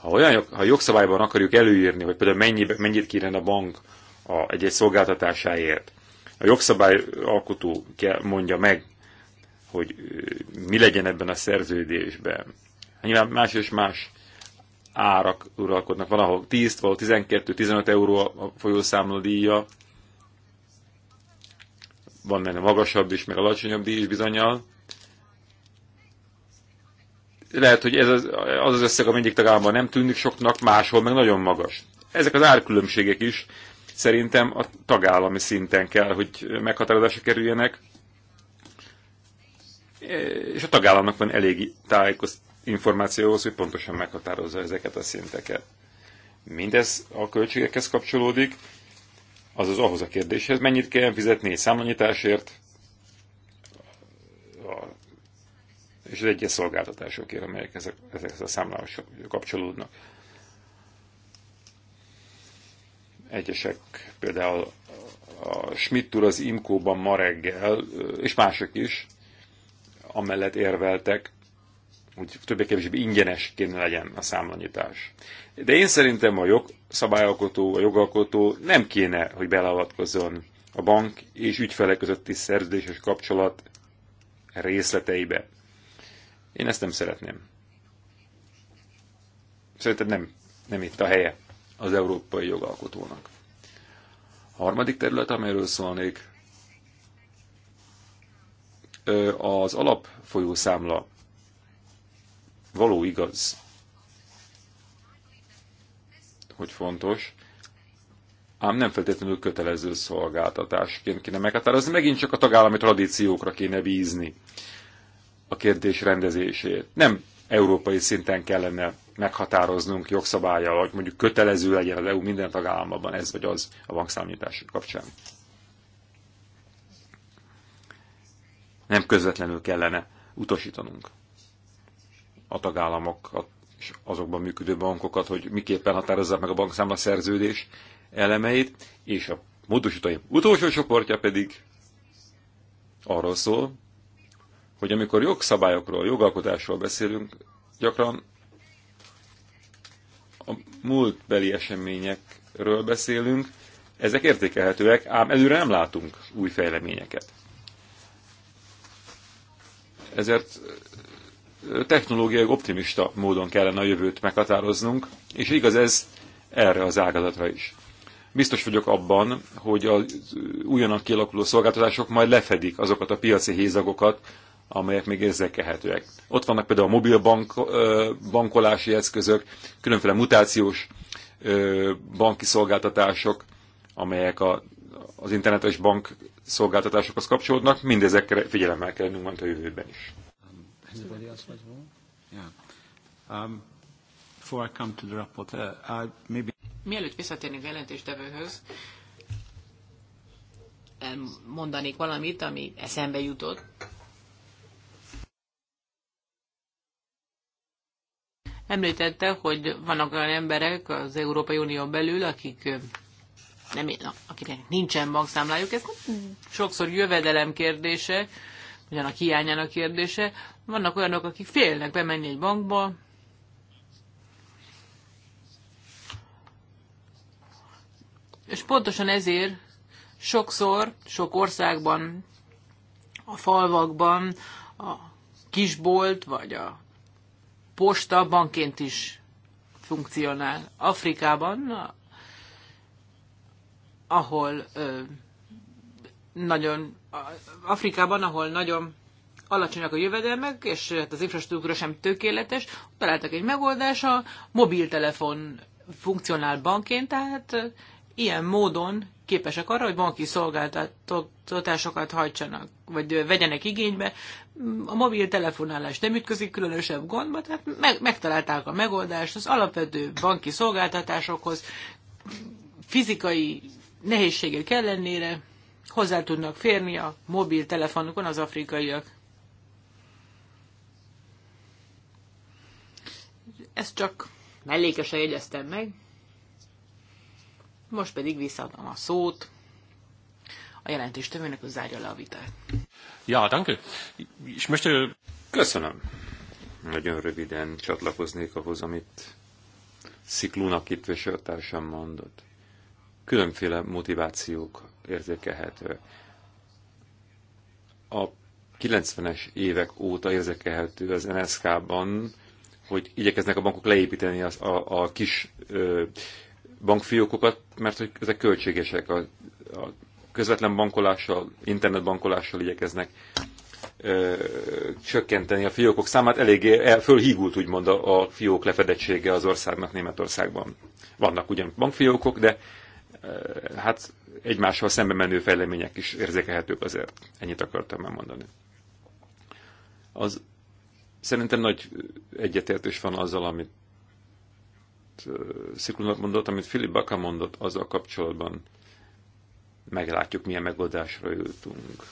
Ha, olyan, ha jogszabályban akarjuk előírni, hogy például mennyi, mennyit kéren a bank a, egy-egy szolgáltatásáért, a jogszabály kell, mondja meg, hogy mi legyen ebben a szerződésben. Nyilván más és más árak uralkodnak. Van, ahol 10, valahol 12, 15 euró a folyószámla díja, van benne magasabb is, meg alacsonyabb díj is bizonyal lehet, hogy ez az, az, az összeg, ami egyik tagállamban nem tűnik soknak, máshol meg nagyon magas. Ezek az árkülönbségek is szerintem a tagállami szinten kell, hogy meghatározásra kerüljenek, és a tagállamnak van elég tájékoz információhoz, hogy pontosan meghatározza ezeket a szinteket. Mindez a költségekhez kapcsolódik, azaz ahhoz a kérdéshez, mennyit kell fizetni számlanyításért, és az egyes szolgáltatásokért, amelyek ezek, ezekhez a számlához kapcsolódnak. Egyesek például a Schmidt úr az Imkóban ma reggel, és mások is, amellett érveltek, hogy többé-kevésbé ingyenes kéne legyen a számlanyítás. De én szerintem a jogszabályalkotó, a jogalkotó nem kéne, hogy beleavatkozzon a bank és ügyfelek közötti szerződéses kapcsolat részleteibe. Én ezt nem szeretném. szerinted nem, nem itt a helye az európai jogalkotónak. A harmadik terület, amelyről szólnék, az alapfolyószámla való igaz, hogy fontos, ám nem feltétlenül kötelező szolgáltatásként kéne meghatározni, megint csak a tagállami tradíciókra kéne bízni a kérdés rendezését. Nem európai szinten kellene meghatároznunk jogszabálya, hogy mondjuk kötelező legyen az EU minden tagállamban ez vagy az a bankszámítás kapcsán. Nem közvetlenül kellene utasítanunk a tagállamokat és azokban működő bankokat, hogy miképpen határozzák meg a bankszámla szerződés elemeit, és a módosítói utolsó csoportja pedig arról szól, hogy amikor jogszabályokról, jogalkotásról beszélünk, gyakran a múltbeli eseményekről beszélünk, ezek értékelhetőek, ám előre nem látunk új fejleményeket. Ezért technológiai optimista módon kellene a jövőt meghatároznunk, és igaz ez erre az ágazatra is. Biztos vagyok abban, hogy az újonnan kialakuló szolgáltatások majd lefedik azokat a piaci hézagokat, amelyek még érzékelhetőek. Ott vannak például a mobil bank, bankolási eszközök, különféle mutációs banki szolgáltatások, amelyek a, az internetes bank szolgáltatásokhoz kapcsolódnak, mindezekre figyelemmel kell lennünk majd a jövőben is. Um, uh, Mielőtt visszatérnék a jelentéstevőhöz, mondanék valamit, ami eszembe jutott. Említette, hogy vannak olyan emberek az Európai Unió belül, akik nem, akinek nincsen bankszámlájuk, ez sokszor jövedelem kérdése, ugyanak hiányának kérdése. Vannak olyanok, akik félnek bemenni egy bankba, és pontosan ezért sokszor, sok országban, a falvakban, a kisbolt vagy a posta bankként is funkcionál. Afrikában, ahol ö, nagyon, Afrikában, ahol nagyon alacsonyak a jövedelmek, és hát az infrastruktúra sem tökéletes, találtak egy megoldást, a mobiltelefon funkcionál bankként, tehát ilyen módon képesek arra, hogy banki szolgáltatásokat hajtsanak, vagy vegyenek igénybe. A mobil telefonálás nem ütközik különösebb gondba, tehát megtalálták a megoldást az alapvető banki szolgáltatásokhoz, fizikai nehézségek ellenére hozzá tudnak férni a mobiltelefonokon az afrikaiak. Ezt csak mellékesen jegyeztem meg. Most pedig visszaadom a szót a jelentéstevőnek, hogy zárja le a vitát. Ja, danke. És most Köszönöm. Nagyon röviden csatlakoznék ahhoz, amit Sziklónak itt vesőtársam mondott. Különféle motivációk érzékelhető. A 90-es évek óta érzékelhető az nsk ban hogy igyekeznek a bankok leépíteni az, a, a kis ö, bankfiókokat, mert hogy ezek költségesek. A, a közvetlen bankolással, internetbankolással igyekeznek ö, csökkenteni a fiókok számát. Eléggé el, fölhígult úgymond a, a fiók lefedettsége az országnak Németországban. Vannak ugyan bankfiókok, de ö, hát egymással szembe menő fejlemények is érzékelhetők azért. Ennyit akartam elmondani. Az, szerintem nagy egyetértés van azzal, amit Sziklunat mondott, amit Filip Baka mondott a kapcsolatban, meglátjuk, milyen megoldásra jutunk.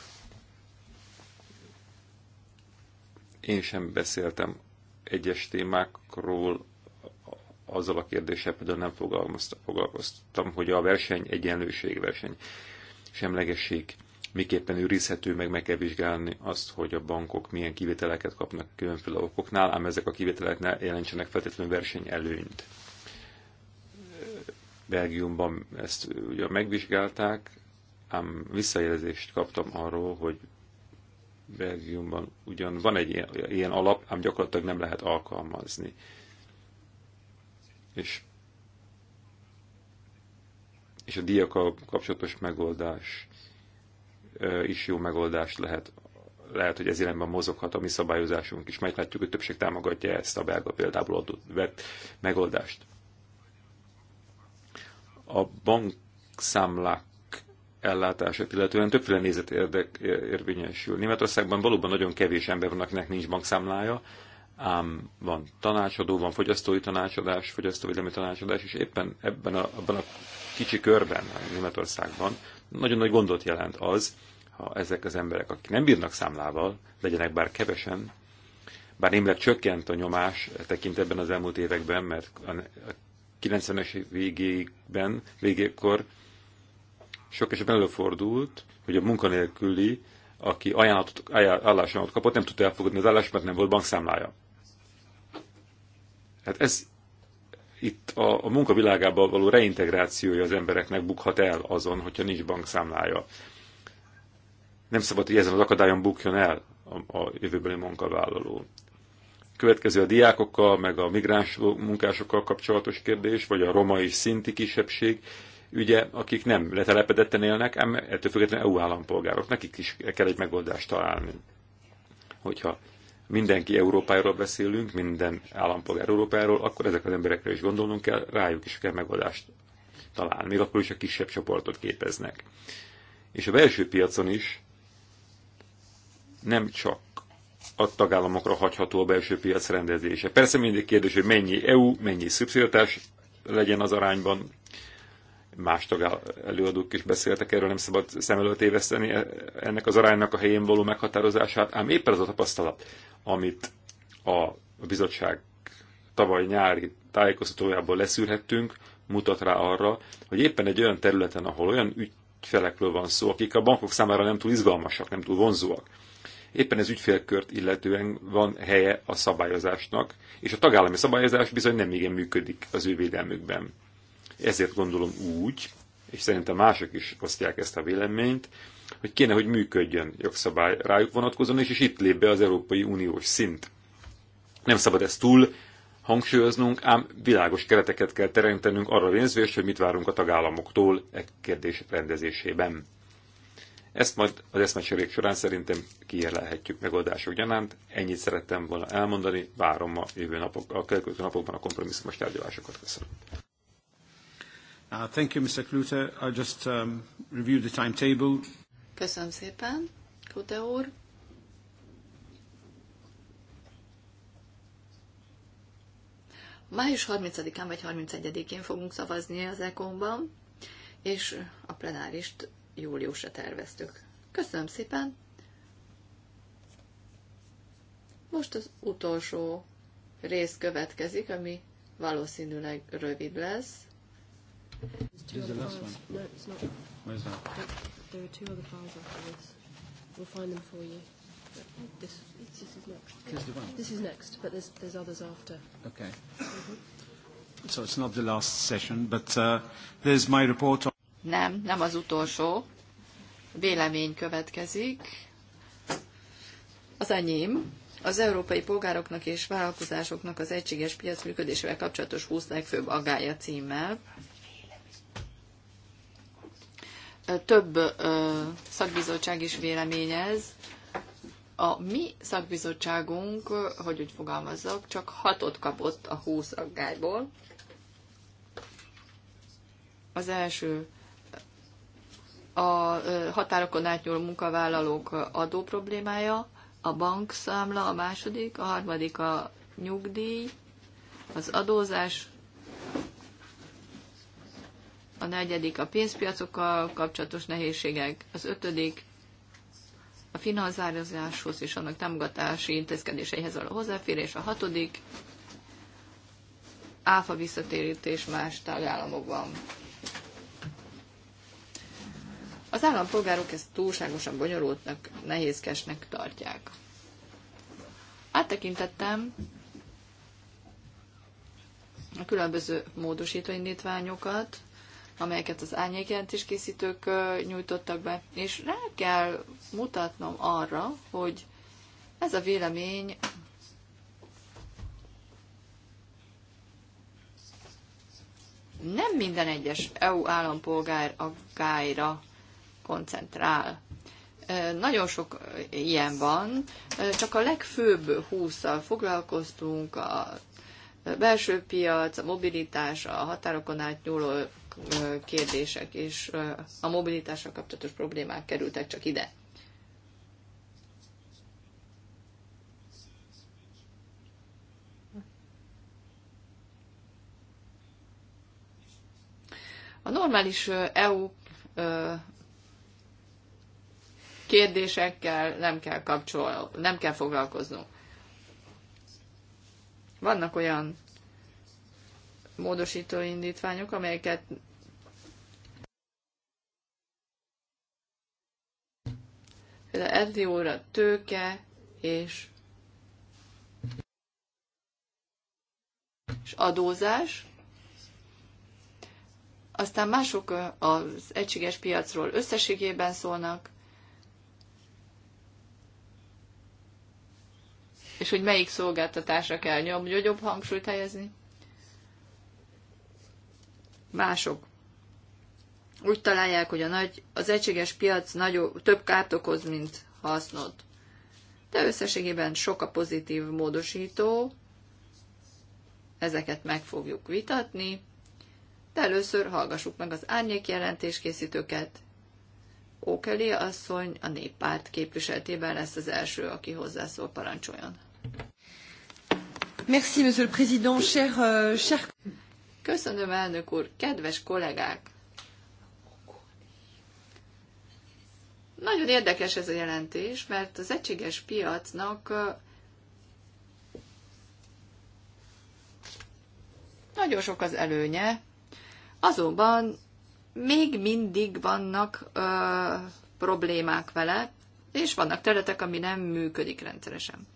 Én sem beszéltem egyes témákról, azzal a kérdéssel például nem foglalkoztam, hogy a verseny egyenlőség, verseny semlegesség miképpen őrizhető, meg meg kell vizsgálni azt, hogy a bankok milyen kivételeket kapnak különféle okoknál, ám ezek a kivételek ne jelentsenek feltétlenül versenyelőnyt. Belgiumban ezt ugye megvizsgálták, ám visszajelzést kaptam arról, hogy Belgiumban ugyan van egy ilyen, ilyen alap, ám gyakorlatilag nem lehet alkalmazni. És, és a díjakkal kapcsolatos megoldás is jó megoldást lehet. Lehet, hogy ez irányban mozoghat a mi szabályozásunk is. Meglátjuk, hogy többség támogatja ezt a belga például adott vett megoldást a bankszámlák ellátását, illetően többféle nézet érdek, érvényesül. Németországban valóban nagyon kevés ember van, akinek nincs bankszámlája, ám van tanácsadó, van fogyasztói tanácsadás, fogyasztóvédelmi tanácsadás, és éppen ebben a, abban a kicsi körben a Németországban nagyon nagy gondot jelent az, ha ezek az emberek, akik nem bírnak számlával, legyenek bár kevesen, bár némileg csökkent a nyomás tekintetben az elmúlt években, mert a 90-es végében, végékor sok esetben előfordult, hogy a munkanélküli, aki ajánlatot, állásajánlatot kapott, nem tudta elfogadni az állást, mert nem volt bankszámlája. Hát ez itt a, a munkavilágában való reintegrációja az embereknek bukhat el azon, hogyha nincs bankszámlája. Nem szabad, hogy ezen az akadályon bukjon el a, a jövőbeli munkavállaló. Következő a diákokkal, meg a migráns munkásokkal kapcsolatos kérdés, vagy a romai szinti kisebbség ugye, akik nem letelepedetten élnek, ám ettől függetlenül EU állampolgárok. Nekik is kell egy megoldást találni. Hogyha mindenki Európáról beszélünk, minden állampolgár Európáról, akkor ezek az emberekre is gondolnunk kell, rájuk is kell megoldást találni, még akkor is a kisebb csoportot képeznek. És a belső piacon is nem csak a tagállamokra hagyható a belső piac rendezése. Persze mindig kérdés, hogy mennyi EU, mennyi szubszidatás legyen az arányban. Más tagáll előadók is beszéltek erről, nem szabad szem előtt éveszteni e- ennek az aránynak a helyén való meghatározását, ám éppen az a tapasztalat, amit a bizottság tavaly nyári tájékoztatójából leszűrhettünk, mutat rá arra, hogy éppen egy olyan területen, ahol olyan ügyfelekről van szó, akik a bankok számára nem túl izgalmasak, nem túl vonzóak, éppen ez ügyfélkört illetően van helye a szabályozásnak, és a tagállami szabályozás bizony nem igen működik az ő védelmükben. Ezért gondolom úgy, és szerintem mások is osztják ezt a véleményt, hogy kéne, hogy működjön jogszabály rájuk vonatkozóan, és, és itt lép be az Európai Uniós szint. Nem szabad ezt túl hangsúlyoznunk, ám világos kereteket kell teremtenünk arra nézvést, hogy mit várunk a tagállamoktól e kérdés rendezésében. Ezt majd az eszmecserék során szerintem kijelelhetjük megoldások gyanánt. Ennyit szerettem volna elmondani, várom a jövő napok, a következő napokban a kompromisszumos tárgyalásokat. Köszönöm. Uh, thank you, Mr. Klute. I just um, reviewed the timetable. Köszönöm szépen, Klute úr. Május 30-án vagy 31-én fogunk szavazni az ECOM-ban, és a plenárist júliusra terveztük. Köszönöm szépen! Most az utolsó rész következik, ami valószínűleg rövid lesz. So it's not the last session, but uh, there's my report on nem, nem az utolsó. Vélemény következik. Az enyém. Az európai polgároknak és vállalkozásoknak az egységes piac működésével kapcsolatos 20 legfőbb agája címmel. Több ö, szakbizottság is véleményez. A mi szakbizottságunk, hogy úgy fogalmazzak, csak hatot kapott a 20 aggályból. Az első a határokon átnyúló munkavállalók adó problémája, a bankszámla a második, a harmadik a nyugdíj, az adózás, a negyedik a pénzpiacokkal kapcsolatos nehézségek, az ötödik a finanszírozáshoz és annak támogatási intézkedéseihez való hozzáférés, a hatodik áfa visszatérítés más tagállamokban. Az állampolgárok ezt túlságosan bonyolultnak, nehézkesnek tartják. Áttekintettem a különböző módosító indítványokat, amelyeket az is készítők nyújtottak be, és rá kell mutatnom arra, hogy ez a vélemény nem minden egyes EU állampolgár gájra koncentrál. Nagyon sok ilyen van, csak a legfőbb húszal foglalkoztunk, a belső piac, a mobilitás, a határokon átnyúló kérdések és a mobilitással kapcsolatos problémák kerültek csak ide. A normális EU kérdésekkel nem kell kapcsol, nem kell foglalkoznunk. Vannak olyan módosító indítványok, amelyeket például óra tőke és és adózás, aztán mások az egységes piacról összességében szólnak, és hogy melyik szolgáltatásra kell nyom, nagyobb hangsúlyt helyezni. Mások úgy találják, hogy a nagy, az egységes piac nagyobb, több kárt okoz, mint hasznot. De összességében sok a pozitív módosító, ezeket meg fogjuk vitatni, de először hallgassuk meg az árnyék jelentéskészítőket. Ókeli asszony a néppárt képviseltében lesz az első, aki hozzászól, parancsoljon. Merci, Monsieur le Président, cher, euh, cher... Köszönöm, elnök úr, kedves kollégák! Nagyon érdekes ez a jelentés, mert az egységes piacnak nagyon sok az előnye, azonban még mindig vannak ö, problémák vele, és vannak területek, ami nem működik rendszeresen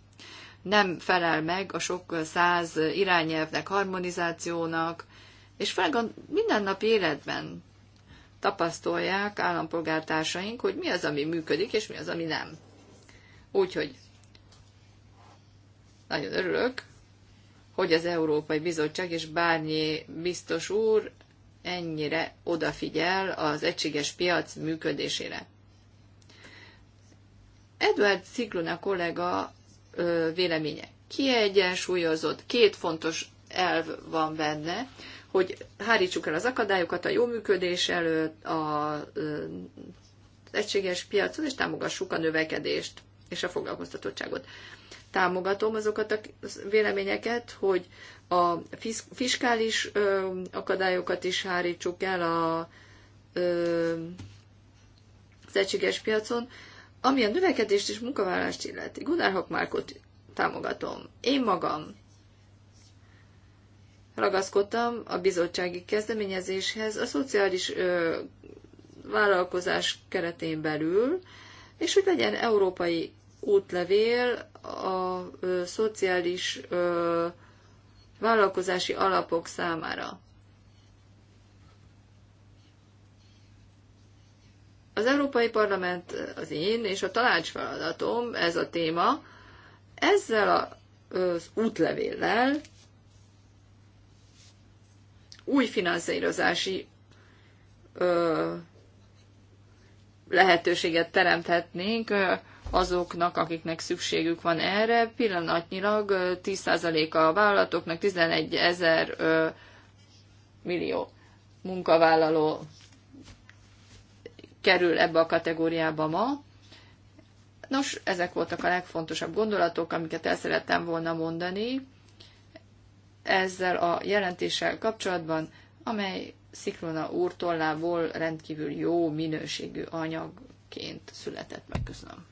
nem felel meg a sok száz irányelvnek, harmonizációnak, és főleg a mindennapi életben tapasztolják állampolgártársaink, hogy mi az, ami működik, és mi az, ami nem. Úgyhogy nagyon örülök, hogy az Európai Bizottság és bárnyi biztos úr ennyire odafigyel az egységes piac működésére. Edward Szikluna kollega véleménye kiegyensúlyozott, két fontos elv van benne, hogy hárítsuk el az akadályokat a jó működés előtt, a egységes piacon, és támogassuk a növekedést és a foglalkoztatottságot. Támogatom azokat a véleményeket, hogy a fiskális akadályokat is hárítsuk el a, az egységes piacon, ami a növekedést és munkavállalást illeti, Gunnar Hockmarkot támogatom. Én magam ragaszkodtam a bizottsági kezdeményezéshez a szociális ö, vállalkozás keretén belül, és hogy legyen európai útlevél a ö, szociális ö, vállalkozási alapok számára. Az Európai Parlament az én és a tanács feladatom, ez a téma, ezzel az útlevéllel új finanszírozási ö, lehetőséget teremthetnénk azoknak, akiknek szükségük van erre. Pillanatnyilag 10% a vállalatoknak 11 ezer millió munkavállaló kerül ebbe a kategóriába ma. Nos, ezek voltak a legfontosabb gondolatok, amiket el szerettem volna mondani ezzel a jelentéssel kapcsolatban, amely Sziklona úr tollából rendkívül jó minőségű anyagként született. Megköszönöm.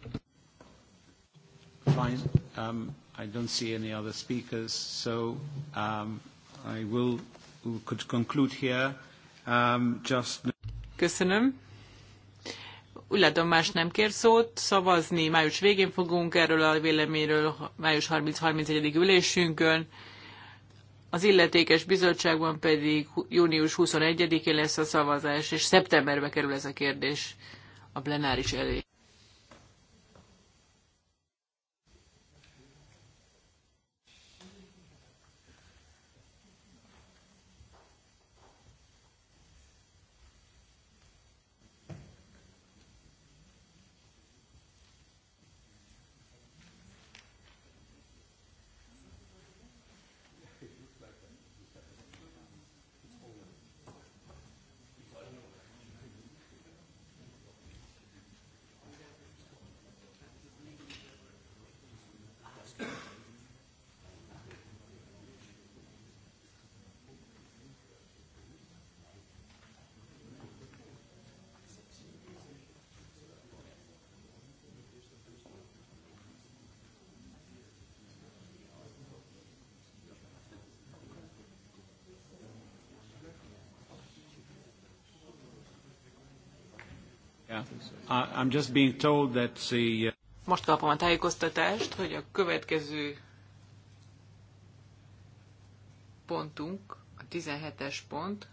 Fine. Um, I don't see any other speakers, so um, I will could conclude here. Um, just... Köszönöm. Úgy látom, más nem kér szót. Szavazni május végén fogunk erről a véleményről, május 30-31. ülésünkön. Az illetékes bizottságban pedig június 21-én lesz a szavazás, és szeptemberbe kerül ez a kérdés a plenáris elé. I'm just being told that the... Uh, Most kapom a tájékoztatást, hogy a következő pontunk, a 17-es pont,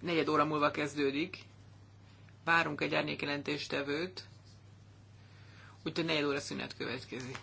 negyed óra múlva kezdődik. Várunk egy árnyékjelentéstevőt, úgyhogy negyed óra szünet következik.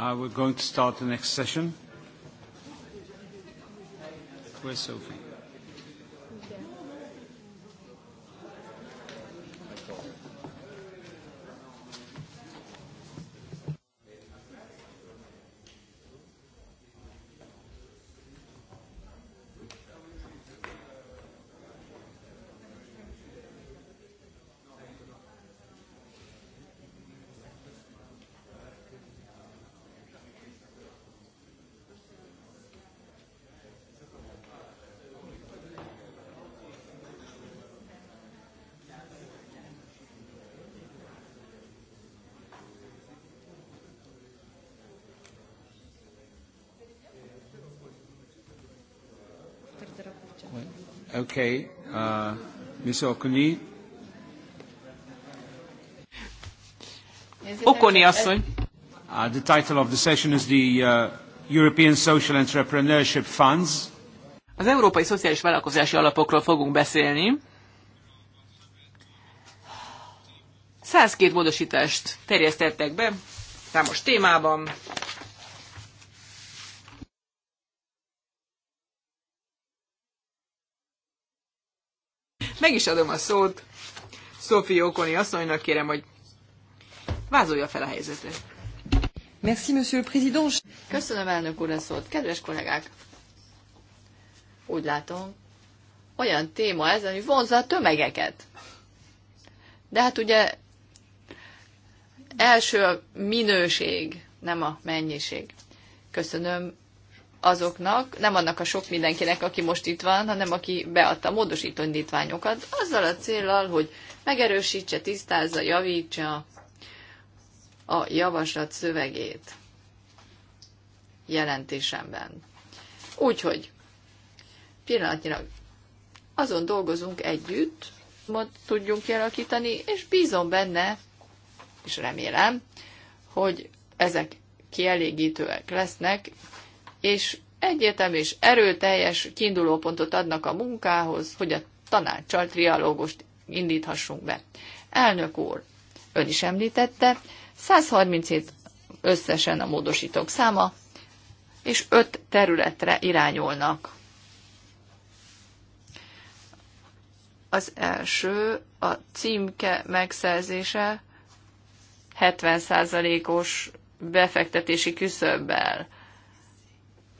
Uh, we're going to start the next session. Where's Sophie? Okay, uh, Ms. Okuni. Okoni asszony. Uh, the title of the session is the uh, European Social Entrepreneurship Funds. Az Európai Szociális Vállalkozási Alapokról fogunk beszélni. 102 módosítást terjesztettek be számos témában. Meg is adom a szót Sophie Okoni asszonynak, kérem, hogy vázolja fel a helyzetet. Merci, monsieur le président. Köszönöm, elnök úr, a szót. Kedves kollégák, úgy látom, olyan téma ez, ami vonzza a tömegeket. De hát ugye első a minőség, nem a mennyiség. Köszönöm azoknak, nem annak a sok mindenkinek, aki most itt van, hanem aki beadta a módosító indítványokat, azzal a célral, hogy megerősítse, tisztázza, javítsa a javaslat szövegét jelentésemben. Úgyhogy pillanatnyilag azon dolgozunk együtt, tudjunk kialakítani, és bízom benne, és remélem, hogy ezek kielégítőek lesznek, és egyértelmű és erőteljes kiindulópontot adnak a munkához, hogy a tanácssal trialógust indíthassunk be. Elnök úr, ön is említette, 137 összesen a módosítók száma, és öt területre irányulnak. Az első a címke megszerzése 70%-os befektetési küszöbbel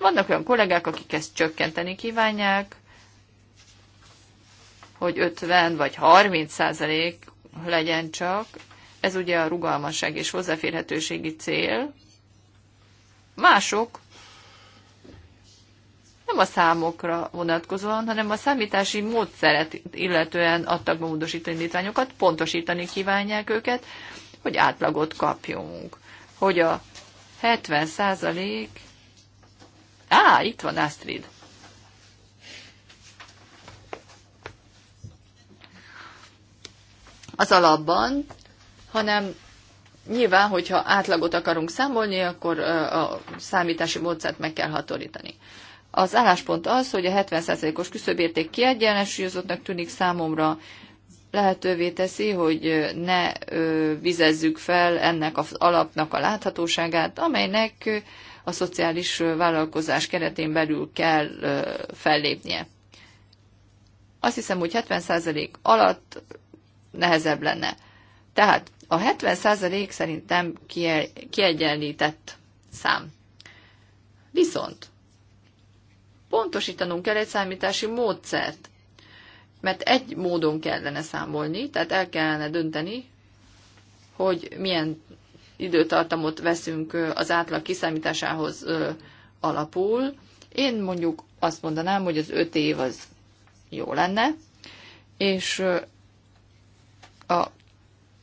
vannak olyan kollégák, akik ezt csökkenteni kívánják, hogy 50 vagy 30 százalék legyen csak. Ez ugye a rugalmasság és hozzáférhetőségi cél. Mások nem a számokra vonatkozóan, hanem a számítási módszeret illetően adtak módosító indítványokat, pontosítani kívánják őket, hogy átlagot kapjunk. Hogy a 70 százalék Á, itt van Astrid. Az alapban, hanem nyilván, hogyha átlagot akarunk számolni, akkor a számítási módszert meg kell hatorítani. Az álláspont az, hogy a 70%-os küszöbérték kiegyenlesülyozottnak tűnik számomra, lehetővé teszi, hogy ne vizezzük fel ennek az alapnak a láthatóságát, amelynek a szociális vállalkozás keretén belül kell fellépnie. Azt hiszem, hogy 70% alatt nehezebb lenne. Tehát a 70% szerintem kiegyenlített szám. Viszont pontosítanunk kell egy számítási módszert, mert egy módon kellene számolni, tehát el kellene dönteni, hogy milyen időtartamot veszünk az átlag kiszámításához alapul. Én mondjuk azt mondanám, hogy az öt év az jó lenne, és a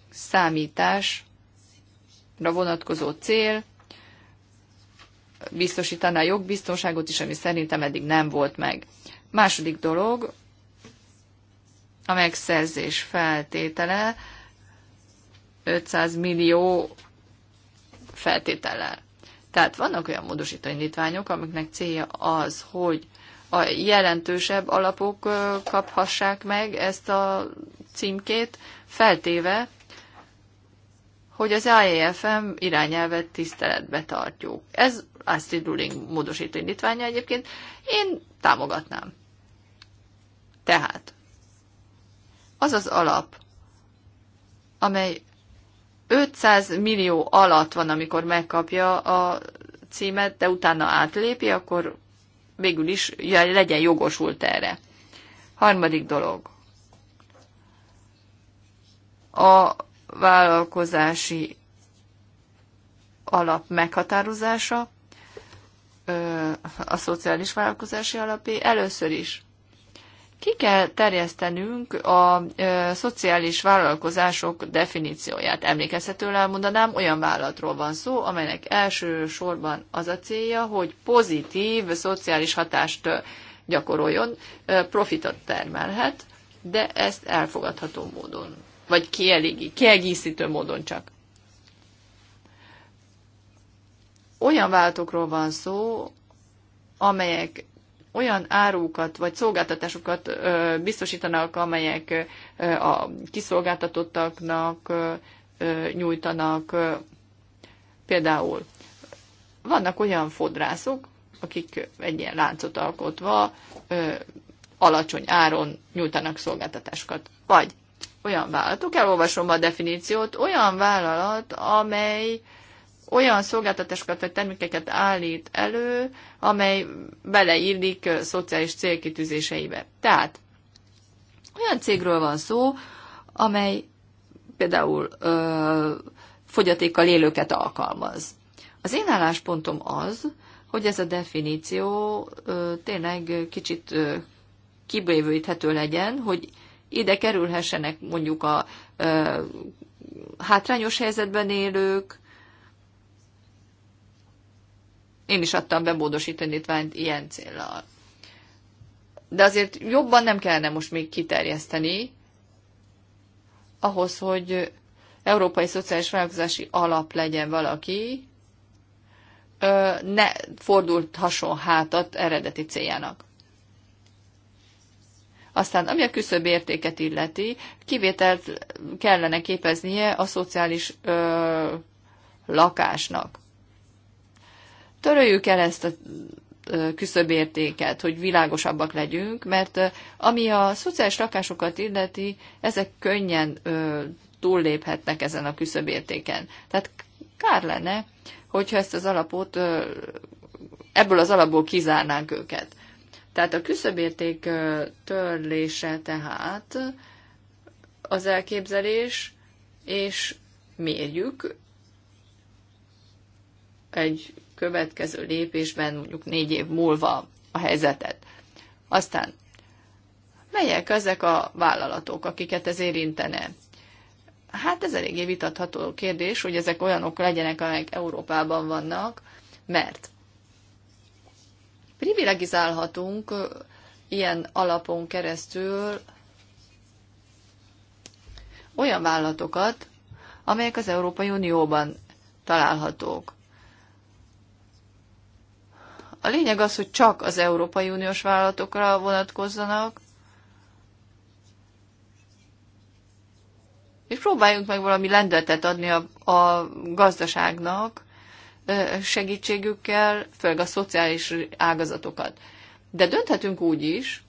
számításra vonatkozó cél biztosítaná jogbiztonságot is, ami szerintem eddig nem volt meg. Második dolog, a megszerzés feltétele 500 millió feltétellel. Tehát vannak olyan módosító indítványok, amiknek célja az, hogy a jelentősebb alapok kaphassák meg ezt a címkét, feltéve, hogy az IAFM e irányelvet tiszteletbe tartjuk. Ez Astrid Ruling módosító indítványa egyébként. Én támogatnám. Tehát, az az alap, amely 500 millió alatt van, amikor megkapja a címet, de utána átlépi, akkor végül is ja, legyen jogosult erre. Harmadik dolog. A vállalkozási alap meghatározása, a szociális vállalkozási alapé először is ki kell terjesztenünk a ö, szociális vállalkozások definícióját. Emlékezhetően elmondanám, olyan vállalatról van szó, amelynek elsősorban az a célja, hogy pozitív szociális hatást gyakoroljon, ö, profitot termelhet, de ezt elfogadható módon, vagy kielégi, kiegészítő módon csak. Olyan vállalatokról van szó, amelyek olyan árukat vagy szolgáltatásokat biztosítanak, amelyek a kiszolgáltatottaknak nyújtanak. Például vannak olyan fodrászok, akik egy ilyen láncot alkotva alacsony áron nyújtanak szolgáltatásokat. Vagy olyan vállalatok, elolvasom a definíciót, olyan vállalat, amely olyan szolgáltatásokat vagy termékeket állít elő, amely beleillik szociális célkitűzéseibe. Tehát olyan cégről van szó, amely például ö, fogyatékkal élőket alkalmaz. Az én álláspontom az, hogy ez a definíció ö, tényleg kicsit ö, kibővíthető legyen, hogy ide kerülhessenek mondjuk a ö, hátrányos helyzetben élők, én is adtam be módosítandítványt ilyen célral. De azért jobban nem kellene most még kiterjeszteni, ahhoz, hogy Európai Szociális Vállalkozási Alap legyen valaki, ne fordulhasson hátat eredeti céljának. Aztán, ami a küszöbb értéket illeti, kivételt kellene képeznie a szociális ö, lakásnak töröljük el ezt a küszöbértéket, hogy világosabbak legyünk, mert ami a szociális lakásokat illeti, ezek könnyen túlléphetnek ezen a küszöbértéken. Tehát kár lenne, hogyha ezt az alapot, ebből az alapból kizárnánk őket. Tehát a küszöbérték törlése tehát az elképzelés, és mérjük egy következő lépésben, mondjuk négy év múlva a helyzetet. Aztán melyek ezek a vállalatok, akiket ez érintene? Hát ez eléggé vitatható kérdés, hogy ezek olyanok legyenek, amelyek Európában vannak, mert privilegizálhatunk ilyen alapon keresztül olyan vállalatokat, amelyek az Európai Unióban találhatók. A lényeg az, hogy csak az Európai Uniós vállalatokra vonatkozzanak, és próbáljunk meg valami lendületet adni a, a gazdaságnak segítségükkel, főleg a szociális ágazatokat. De dönthetünk úgy is,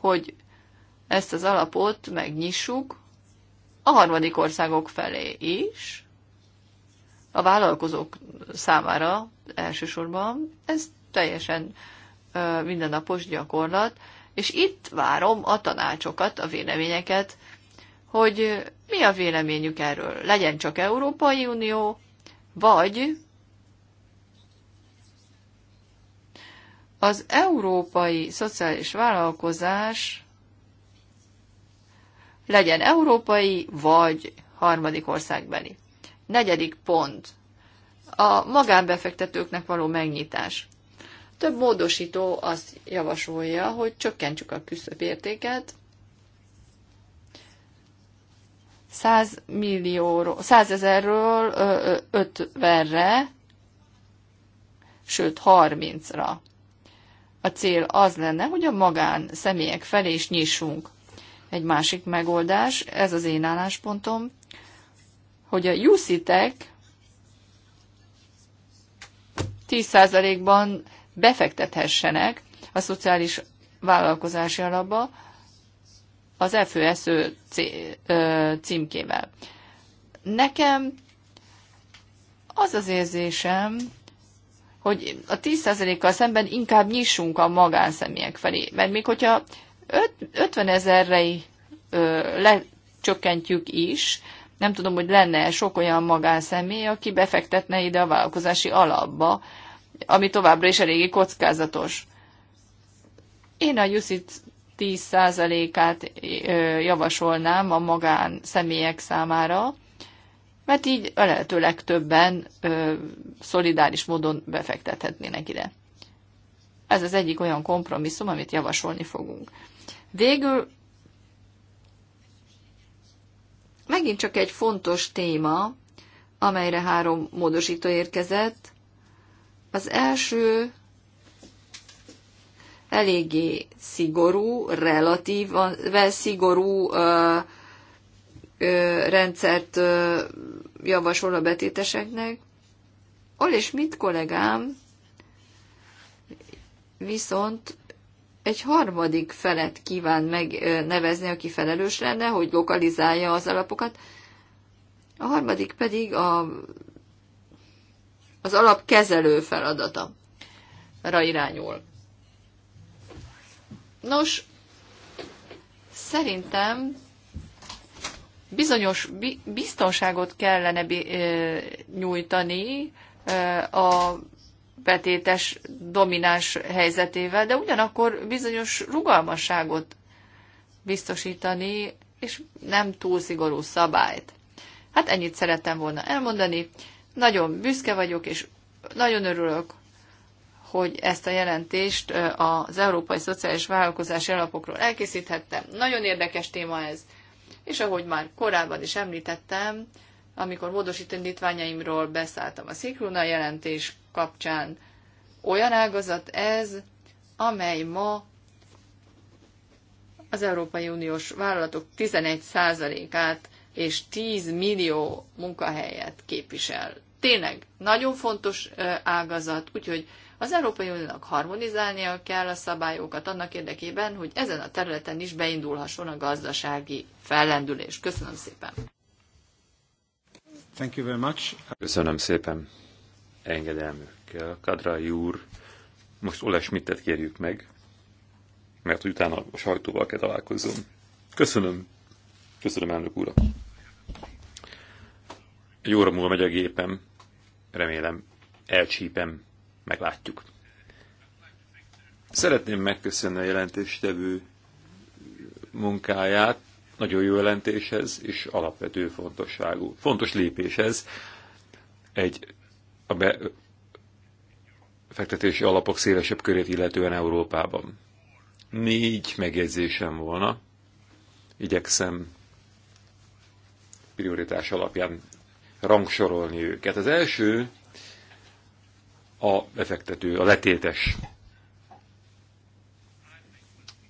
hogy ezt az alapot megnyissuk a harmadik országok felé is, a vállalkozók számára elsősorban ez teljesen mindennapos gyakorlat, és itt várom a tanácsokat, a véleményeket, hogy mi a véleményük erről. Legyen csak Európai Unió, vagy az európai szociális vállalkozás legyen európai, vagy harmadik országbeli. Negyedik pont. A magánbefektetőknek való megnyitás. Több módosító azt javasolja, hogy csökkentsük a értéket. 100 millióról, 100 ezerről 50-re, sőt 30-ra. A cél az lenne, hogy a magán személyek felé is nyissunk. Egy másik megoldás, ez az én álláspontom, hogy a UCITEC 10%-ban befektethessenek a szociális vállalkozási alapba az FÖSZ címkével. Nekem az az érzésem, hogy a 10%-kal szemben inkább nyissunk a magánszemélyek felé. Mert még hogyha 50 ezerre lecsökkentjük is, nem tudom, hogy lenne sok olyan magánszemély, aki befektetne ide a vállalkozási alapba, ami továbbra is eléggé kockázatos. Én a Jusit 10%-át javasolnám a magán személyek számára, mert így a lehető legtöbben ö, szolidáris módon befektethetnének ide. Ez az egyik olyan kompromisszum, amit javasolni fogunk. Végül Megint csak egy fontos téma, amelyre három módosító érkezett. Az első eléggé szigorú, relatívan szigorú ö, ö, rendszert ö, javasol a betéteseknek. Ol és mit kollégám viszont egy harmadik felet kíván megnevezni, aki felelős lenne, hogy lokalizálja az alapokat. A harmadik pedig a, az alapkezelő feladata ra irányul. Nos, szerintem bizonyos biztonságot kellene nyújtani a betétes domináns helyzetével, de ugyanakkor bizonyos rugalmasságot biztosítani, és nem túl szigorú szabályt. Hát ennyit szerettem volna elmondani. Nagyon büszke vagyok, és nagyon örülök, hogy ezt a jelentést az Európai Szociális Vállalkozási Alapokról elkészíthettem. Nagyon érdekes téma ez, és ahogy már korábban is említettem, amikor módosító indítványaimról beszálltam a Szikruna jelentés, kapcsán. Olyan ágazat ez, amely ma az Európai Uniós vállalatok 11%-át és 10 millió munkahelyet képvisel. Tényleg nagyon fontos ágazat, úgyhogy az Európai Uniónak harmonizálnia kell a szabályokat annak érdekében, hogy ezen a területen is beindulhasson a gazdasági fellendülés. Köszönöm szépen! Thank you very much. Köszönöm szépen! engedelmükkel. kadra úr, most Ole Schmidtet kérjük meg, mert utána a sajtóval kell találkozom. Köszönöm. Köszönöm, elnök úr. Egy óra múlva megy a gépem. Remélem, elcsípem. Meglátjuk. Szeretném megköszönni a jelentéstevő munkáját. Nagyon jó jelentéshez és alapvető fontosságú. Fontos lépéshez egy a befektetési alapok szélesebb körét illetően Európában. Négy megjegyzésem volna. Igyekszem prioritás alapján rangsorolni őket. Az első a befektető, a letétes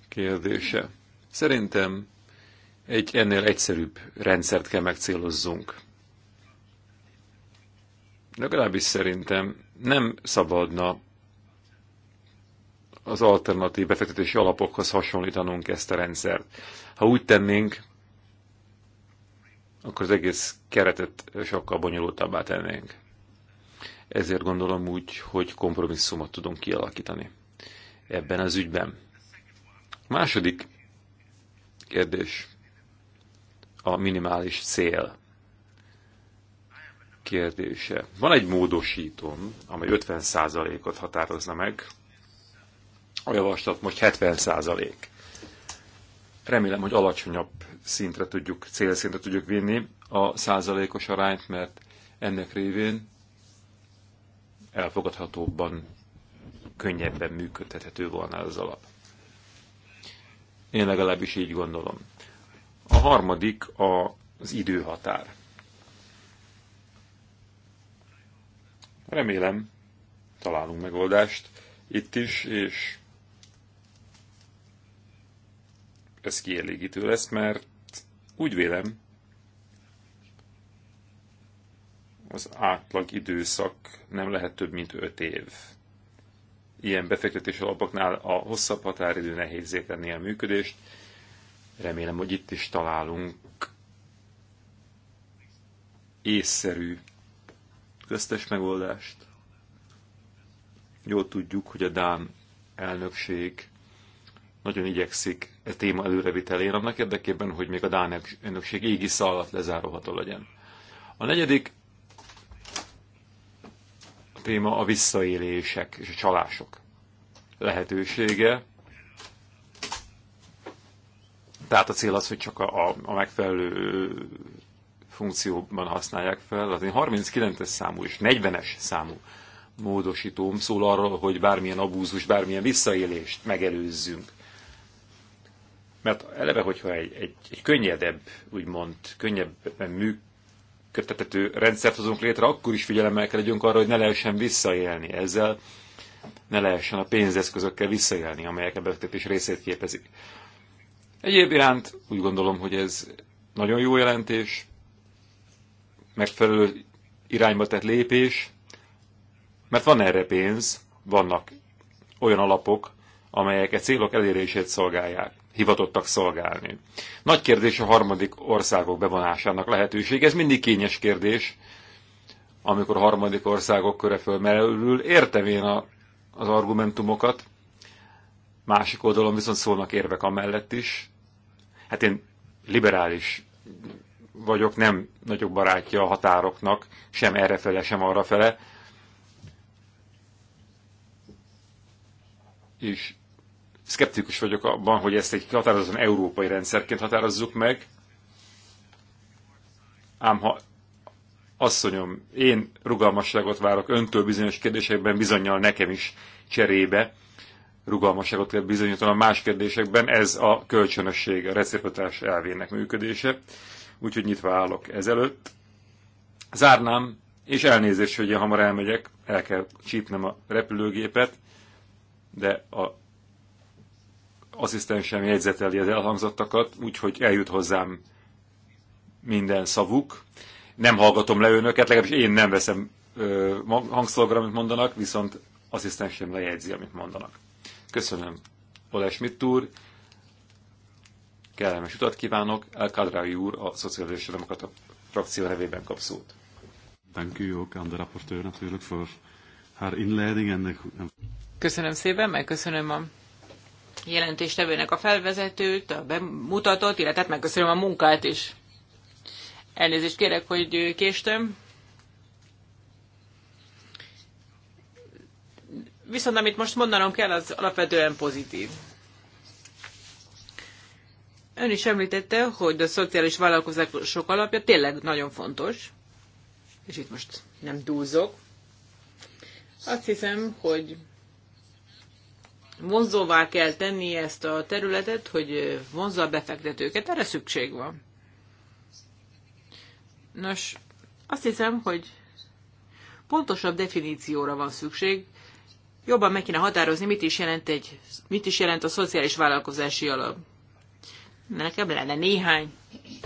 kérdése. Szerintem egy ennél egyszerűbb rendszert kell megcélozzunk legalábbis szerintem nem szabadna az alternatív befektetési alapokhoz hasonlítanunk ezt a rendszert. Ha úgy tennénk, akkor az egész keretet sokkal bonyolultabbá tennénk. Ezért gondolom úgy, hogy kompromisszumot tudunk kialakítani ebben az ügyben. Második kérdés a minimális cél kérdése. Van egy módosítom, amely 50%-ot határozna meg. A javaslat most 70%. Remélem, hogy alacsonyabb szintre tudjuk, célszintre tudjuk vinni a százalékos arányt, mert ennek révén elfogadhatóbban, könnyebben működhethető volna az alap. Én legalábbis így gondolom. A harmadik a, az időhatár. Remélem, találunk megoldást itt is, és ez kielégítő lesz, mert úgy vélem, az átlag időszak nem lehet több, mint 5 év. Ilyen befektetés alapoknál a hosszabb határidő nehézé tenni a működést. Remélem, hogy itt is találunk észszerű köztes megoldást. Jól tudjuk, hogy a Dán elnökség nagyon igyekszik e téma előrevitelén annak érdekében, hogy még a Dán elnökség égi alatt lezáróható legyen. A negyedik téma a visszaélések és a csalások lehetősége. Tehát a cél az, hogy csak a, a megfelelő funkcióban használják fel. Az én 39-es számú és 40-es számú módosítóm szól arról, hogy bármilyen abúzus, bármilyen visszaélést megelőzzünk. Mert eleve, hogyha egy, egy, egy könnyedebb, úgymond, könnyebben működtető rendszert hozunk létre, akkor is figyelemmel kell legyünk arra, hogy ne lehessen visszaélni ezzel, ne lehessen a pénzeszközökkel visszaélni, amelyek a befektetés részét képezik. Egyéb iránt úgy gondolom, hogy ez nagyon jó jelentés, megfelelő irányba tett lépés, mert van erre pénz, vannak olyan alapok, amelyek a e célok elérését szolgálják, hivatottak szolgálni. Nagy kérdés a harmadik országok bevonásának lehetőség. Ez mindig kényes kérdés, amikor a harmadik országok köre fölmerül, értem én a, az argumentumokat, másik oldalon viszont szólnak érvek amellett is. Hát én liberális vagyok, nem nagyobb barátja a határoknak, sem errefele, sem arrafele. És szkeptikus vagyok abban, hogy ezt egy határozottan európai rendszerként határozzuk meg, ám ha asszonyom, én rugalmasságot várok öntől bizonyos kérdésekben, bizonyal nekem is cserébe rugalmasságot kell bizonyítanom más kérdésekben, ez a kölcsönösség, a reciprotás elvének működése úgyhogy nyitva állok ezelőtt. Zárnám, és elnézést, hogy én hamar elmegyek, el kell csípnem a repülőgépet, de a asszisztensem jegyzeteli az elhangzottakat, úgyhogy eljut hozzám minden szavuk. Nem hallgatom le önöket, legalábbis én nem veszem ö, hangszolgra, amit mondanak, viszont asszisztensem lejegyzi, amit mondanak. Köszönöm, Oles Mittúr, Kellemes utat kívánok, El Kadrai úr a Szociális Demokrata frakció nevében kap szót. Dank u ook aan de rapporteur natuurlijk voor haar inleiding Köszönöm szépen, megköszönöm a jelentéstevőnek a felvezetőt, a bemutatót, illetve megköszönöm a munkát is. Elnézést kérek, hogy késtem. Viszont amit most mondanom kell, az alapvetően pozitív. Ön is említette, hogy a szociális vállalkozások alapja tényleg nagyon fontos, és itt most nem túlzok. Azt hiszem, hogy vonzóvá kell tenni ezt a területet, hogy vonzza a befektetőket. Erre szükség van. Nos, azt hiszem, hogy pontosabb definícióra van szükség. Jobban meg kéne határozni, mit is jelent, egy, mit is jelent a szociális vállalkozási alap nekem lenne néhány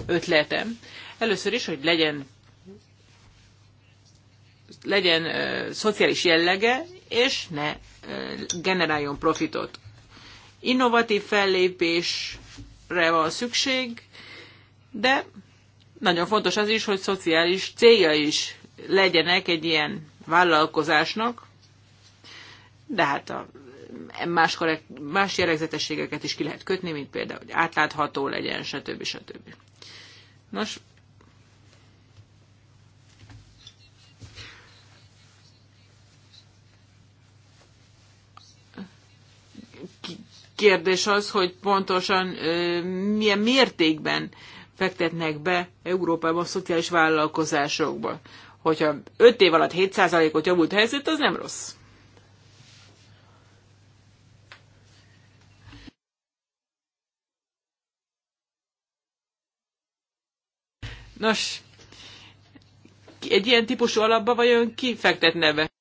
ötletem. Először is, hogy legyen legyen ö, szociális jellege, és ne ö, generáljon profitot. Innovatív fellépésre van szükség, de nagyon fontos az is, hogy szociális célja is legyenek egy ilyen vállalkozásnak, de hát a más, más jellegzetességeket is ki lehet kötni, mint például, hogy átlátható legyen, stb. stb. Nos, kérdés az, hogy pontosan milyen mértékben fektetnek be Európában a szociális vállalkozásokba. Hogyha 5 év alatt 7%-ot javult a helyzet, az nem rossz. Nos, egy ilyen típusú alapba vajon ki fektetne be?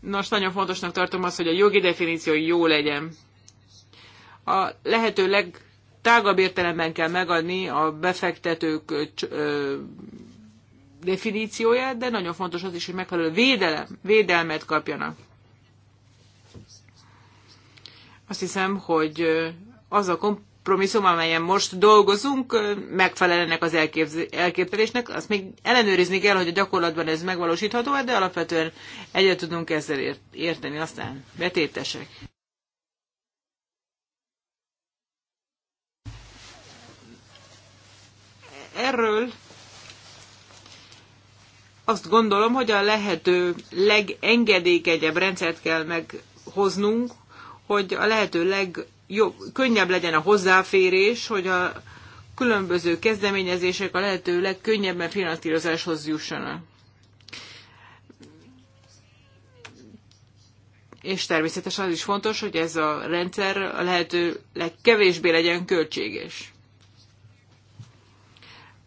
Nos, nagyon fontosnak tartom azt, hogy a jogi definíció jó legyen. A lehető legtágabb értelemben kell megadni a befektetők definícióját, de nagyon fontos az is, hogy megfelelő védelem, védelmet kapjanak. Azt hiszem, hogy az a komp- kompromisszum, amelyen most dolgozunk, megfelelnek az elképzelésnek. Azt még ellenőrizni kell, hogy a gyakorlatban ez megvalósítható, de alapvetően egyet tudunk ezzel érteni. Aztán betétesek. Erről azt gondolom, hogy a lehető legengedékenyebb rendszert kell meghoznunk, hogy a lehető leg jó, könnyebb legyen a hozzáférés, hogy a különböző kezdeményezések a lehető legkönnyebben finanszírozáshoz jussanak. És természetesen az is fontos, hogy ez a rendszer a lehető legkevésbé legyen költséges.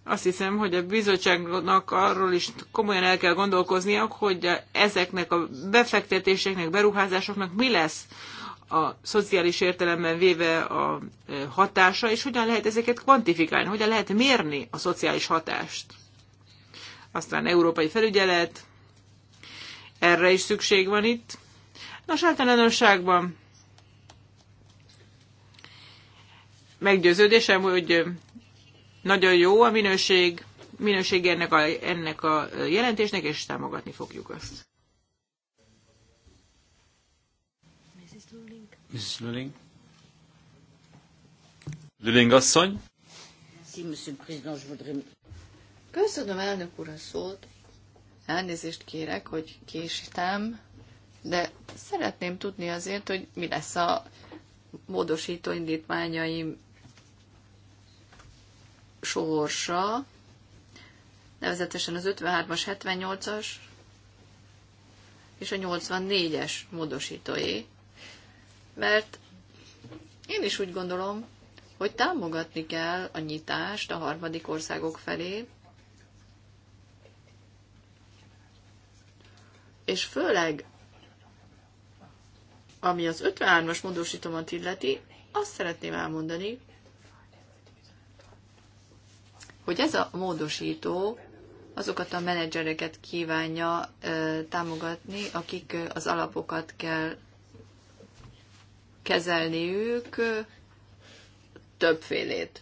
Azt hiszem, hogy a bizottságnak arról is komolyan el kell gondolkoznia, hogy ezeknek a befektetéseknek, beruházásoknak mi lesz a szociális értelemben véve a e, hatása, és hogyan lehet ezeket kvantifikálni, hogyan lehet mérni a szociális hatást. Aztán európai felügyelet, erre is szükség van itt. Nos, általánosságban meggyőződésem, hogy nagyon jó a minőség, minőség ennek a, ennek a jelentésnek, és támogatni fogjuk azt. Mrs. Lulling. Lulling asszony. Köszönöm, elnök úr, a szót. Elnézést kérek, hogy késítem, de szeretném tudni azért, hogy mi lesz a módosító indítványaim sorsa, nevezetesen az 53-as, 78-as és a 84-es módosítói mert én is úgy gondolom, hogy támogatni kell a nyitást a harmadik országok felé, és főleg, ami az 53-as módosítomat illeti, azt szeretném elmondani, hogy ez a módosító azokat a menedzsereket kívánja ö, támogatni, akik az alapokat kell kezelniük többfélét,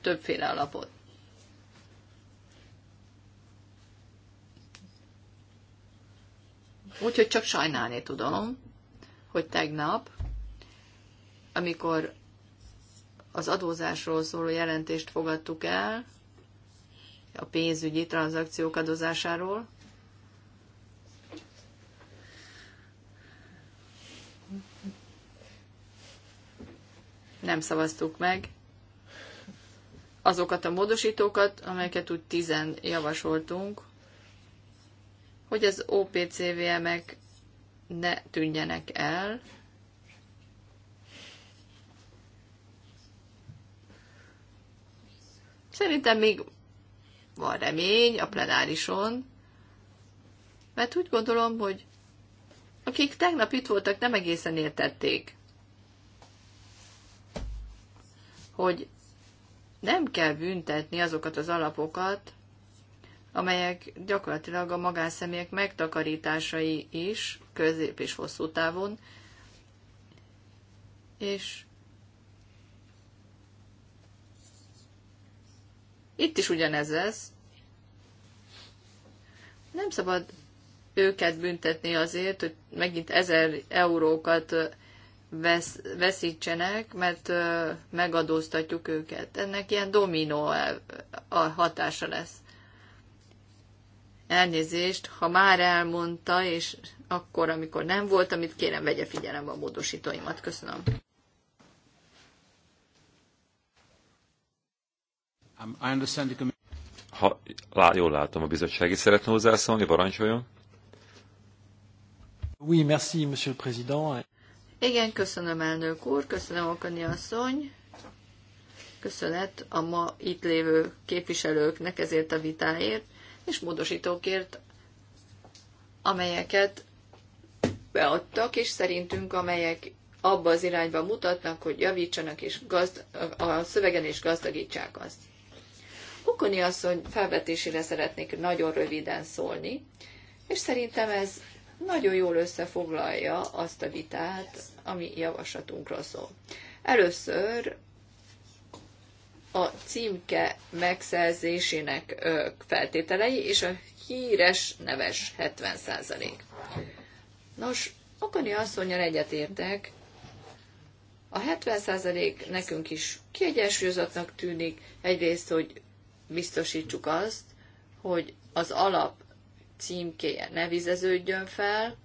többféle alapot. Úgyhogy csak sajnálni tudom, hogy tegnap, amikor az adózásról szóló jelentést fogadtuk el, a pénzügyi tranzakciók adózásáról, nem szavaztuk meg azokat a módosítókat, amelyeket úgy tizen javasoltunk, hogy az OPCVM-ek ne tűnjenek el, Szerintem még van remény a plenárison, mert úgy gondolom, hogy akik tegnap itt voltak, nem egészen értették. hogy nem kell büntetni azokat az alapokat, amelyek gyakorlatilag a magánszemélyek megtakarításai is közép és hosszú távon, és itt is ugyanez ez. Nem szabad őket büntetni azért, hogy megint ezer eurókat vesz, veszítsenek, mert ö, megadóztatjuk őket. Ennek ilyen dominó a hatása lesz. Elnézést, ha már elmondta, és akkor, amikor nem volt, amit kérem, vegye figyelembe a módosítóimat. Köszönöm. Um, ha lá, jól látom, a bizottsági szeretne hozzászólni, parancsoljon. Oui, merci, monsieur le président. Igen, köszönöm elnök úr, köszönöm Okani asszony, köszönet a ma itt lévő képviselőknek ezért a vitáért, és módosítókért, amelyeket beadtak, és szerintünk amelyek abba az irányba mutatnak, hogy javítsanak és gazd- a szövegen és gazdagítsák azt. Okoni asszony felvetésére szeretnék nagyon röviden szólni, és szerintem ez nagyon jól összefoglalja azt a vitát, ami javaslatunkra szól. Először a címke megszerzésének feltételei és a híres neves 70%. Nos, Okoni asszonyjal egyetértek, a 70% nekünk is kiegyensúlyozatnak tűnik, egyrészt, hogy biztosítsuk azt, hogy az alap címkéje ne vizeződjön fel,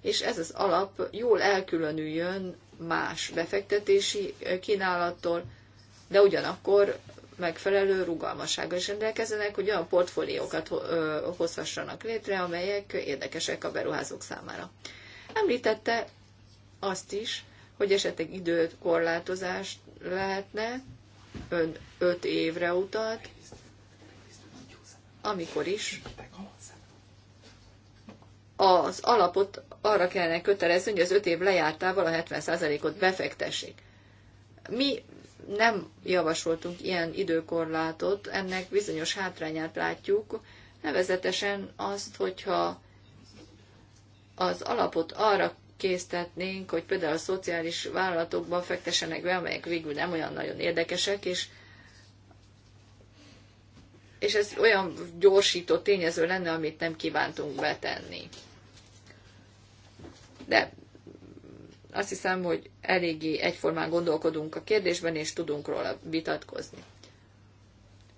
és ez az alap jól elkülönüljön más befektetési kínálattól, de ugyanakkor megfelelő rugalmassággal is rendelkezenek, hogy olyan portfóliókat hozhassanak létre, amelyek érdekesek a beruházók számára. Említette azt is, hogy esetleg időkorlátozást lehetne, ön öt évre utalt, amikor is az alapot arra kellene kötelezni, hogy az öt év lejártával a 70%-ot befektessék. Mi nem javasoltunk ilyen időkorlátot, ennek bizonyos hátrányát látjuk, nevezetesen azt, hogyha az alapot arra késztetnénk, hogy például a szociális vállalatokban fektessenek be, amelyek végül nem olyan nagyon érdekesek, és, és ez olyan gyorsító tényező lenne, amit nem kívántunk betenni de azt hiszem, hogy eléggé egyformán gondolkodunk a kérdésben, és tudunk róla vitatkozni.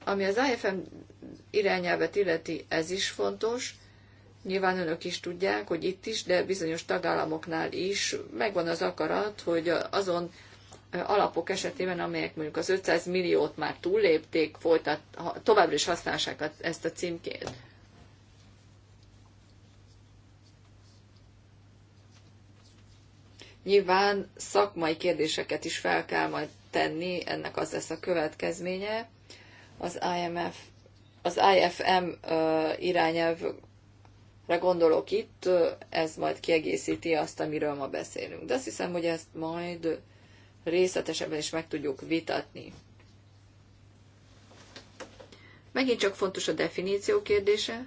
Ami az IFM irányelvet illeti, ez is fontos. Nyilván önök is tudják, hogy itt is, de bizonyos tagállamoknál is megvan az akarat, hogy azon alapok esetében, amelyek mondjuk az 500 milliót már túllépték, folytat, továbbra is használják ezt a címkét. Nyilván szakmai kérdéseket is fel kell majd tenni, ennek az lesz a következménye. Az IMF, az IFM irányelvre gondolok itt, ez majd kiegészíti azt, amiről ma beszélünk. De azt hiszem, hogy ezt majd részletesebben is meg tudjuk vitatni. Megint csak fontos a definíció kérdése.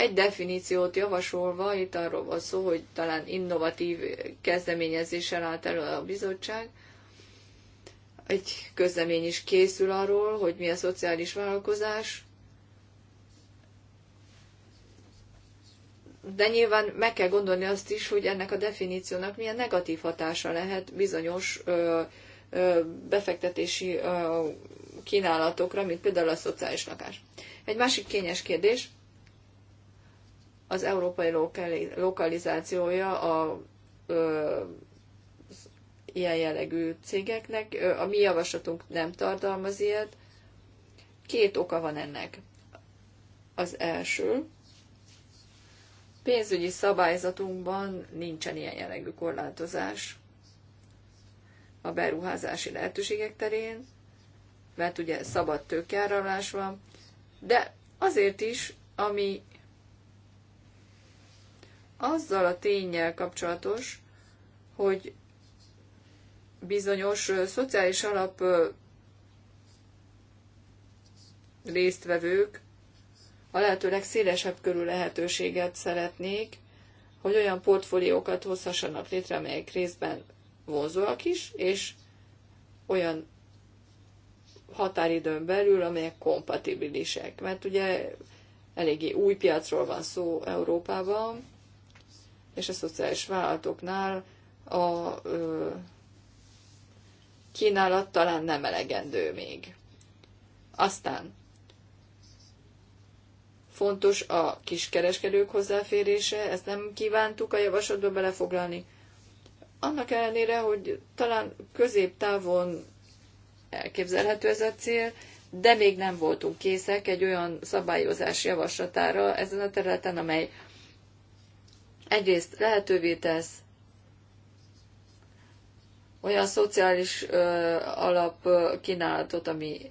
egy definíciót javasolva, itt arról van szó, hogy talán innovatív kezdeményezéssel állt elő a bizottság, egy közlemény is készül arról, hogy mi a szociális vállalkozás, de nyilván meg kell gondolni azt is, hogy ennek a definíciónak milyen negatív hatása lehet bizonyos ö, ö, befektetési ö, kínálatokra, mint például a szociális lakás. Egy másik kényes kérdés – az európai lokalizációja a ö, ilyen jellegű cégeknek. A mi javaslatunk nem tartalmaz ilyet. Két oka van ennek. Az első, pénzügyi szabályzatunkban nincsen ilyen jellegű korlátozás a beruházási lehetőségek terén, mert ugye szabad tőkeáramlás van, de azért is, ami azzal a tényel kapcsolatos, hogy bizonyos szociális alap résztvevők a lehető legszélesebb körű lehetőséget szeretnék, hogy olyan portfóliókat hozhassanak létre, amelyek részben vonzóak is, és olyan határidőn belül, amelyek kompatibilisek. Mert ugye eléggé új piacról van szó Európában, és a szociális vállalatoknál a ö, kínálat talán nem elegendő még. Aztán fontos a kiskereskedők hozzáférése, ezt nem kívántuk a javaslatba belefoglalni. Annak ellenére, hogy talán középtávon elképzelhető ez a cél, de még nem voltunk készek egy olyan szabályozás javaslatára ezen a területen, amely egyrészt lehetővé tesz olyan szociális ö, alap kínálatot, ami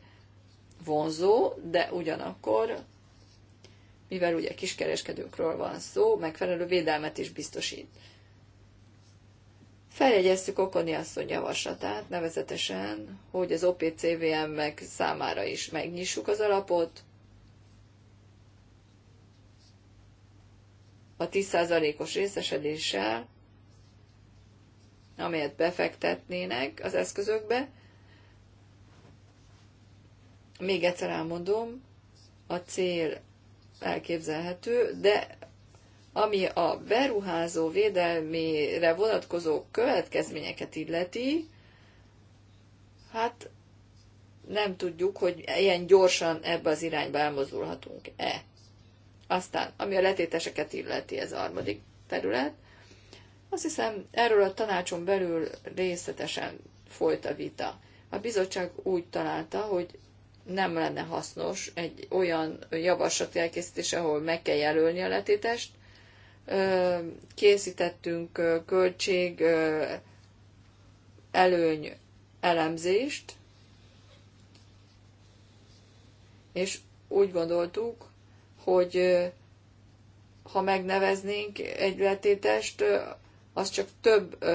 vonzó, de ugyanakkor, mivel ugye kiskereskedőkről van szó, megfelelő védelmet is biztosít. Feljegyeztük Okoni asszony javaslatát, nevezetesen, hogy az OPCVM meg számára is megnyissuk az alapot, a 10%-os részesedéssel, amelyet befektetnének az eszközökbe. Még egyszer elmondom, a cél elképzelhető, de ami a beruházó védelmére vonatkozó következményeket illeti, hát nem tudjuk, hogy ilyen gyorsan ebbe az irányba elmozdulhatunk-e. Aztán, ami a letéteseket illeti, ez a harmadik terület, azt hiszem, erről a tanácson belül részletesen folyt a vita. A bizottság úgy találta, hogy nem lenne hasznos egy olyan javaslat elkészítése, ahol meg kell jelölni a letétest. Készítettünk költség előny elemzést, és úgy gondoltuk, hogy ha megneveznénk egy letétest, az csak több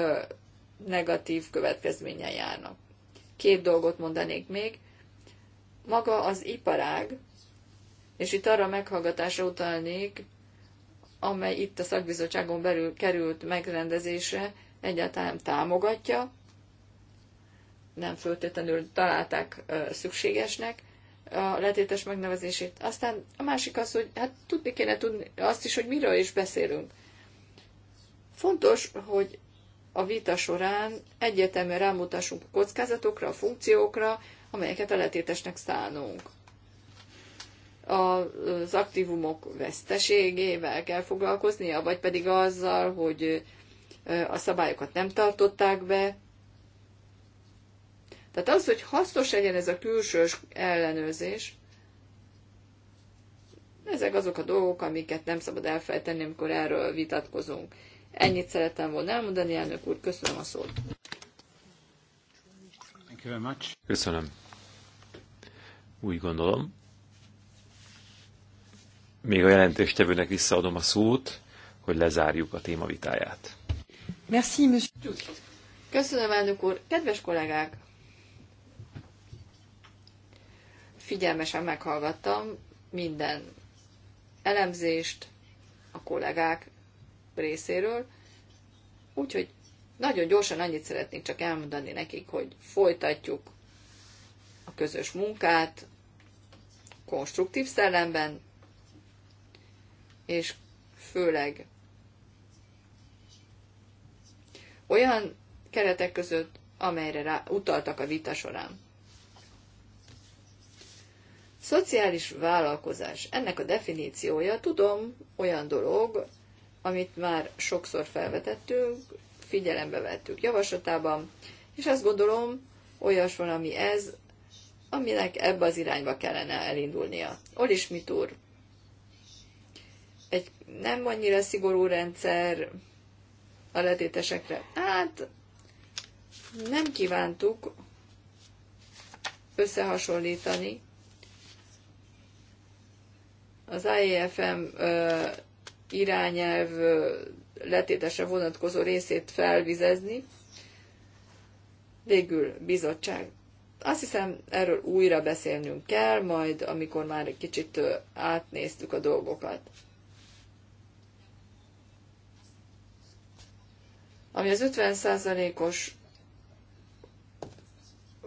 negatív következménye járnak. Két dolgot mondanék még. Maga az iparág, és itt arra meghallgatásra utalnék, amely itt a szakbizottságon belül került megrendezésre, egyáltalán támogatja, nem föltétlenül találták szükségesnek, a letétes megnevezését. Aztán a másik az, hogy hát tudni kéne tudni azt is, hogy miről is beszélünk. Fontos, hogy a vita során egyértelműen rámutassunk a kockázatokra, a funkciókra, amelyeket a letétesnek szánunk. Az aktívumok veszteségével kell foglalkoznia, vagy pedig azzal, hogy a szabályokat nem tartották be, tehát az, hogy hasznos legyen ez a külsős ellenőrzés, ezek azok a dolgok, amiket nem szabad elfejteni, amikor erről vitatkozunk. Ennyit szerettem volna elmondani, elnök úr, köszönöm a szót. Köszönöm. Úgy gondolom. Még a jelentéstevőnek visszaadom a szót, hogy lezárjuk a téma vitáját. Merci, monsieur. Köszönöm, elnök úr. Kedves kollégák, figyelmesen meghallgattam minden elemzést a kollégák részéről, úgyhogy nagyon gyorsan annyit szeretnék csak elmondani nekik, hogy folytatjuk a közös munkát konstruktív szellemben, és főleg olyan keretek között, amelyre rá, utaltak a vita során. Szociális vállalkozás, ennek a definíciója, tudom, olyan dolog, amit már sokszor felvetettünk, figyelembe vettük javaslatában, és azt gondolom, olyas van, ami ez, aminek ebbe az irányba kellene elindulnia. Olis mit úr? Egy nem annyira szigorú rendszer a letétesekre. Hát nem kívántuk összehasonlítani az IEFM irányelv letétese vonatkozó részét felvizezni. Végül bizottság. Azt hiszem, erről újra beszélnünk kell, majd amikor már egy kicsit átnéztük a dolgokat. Ami az 50%-os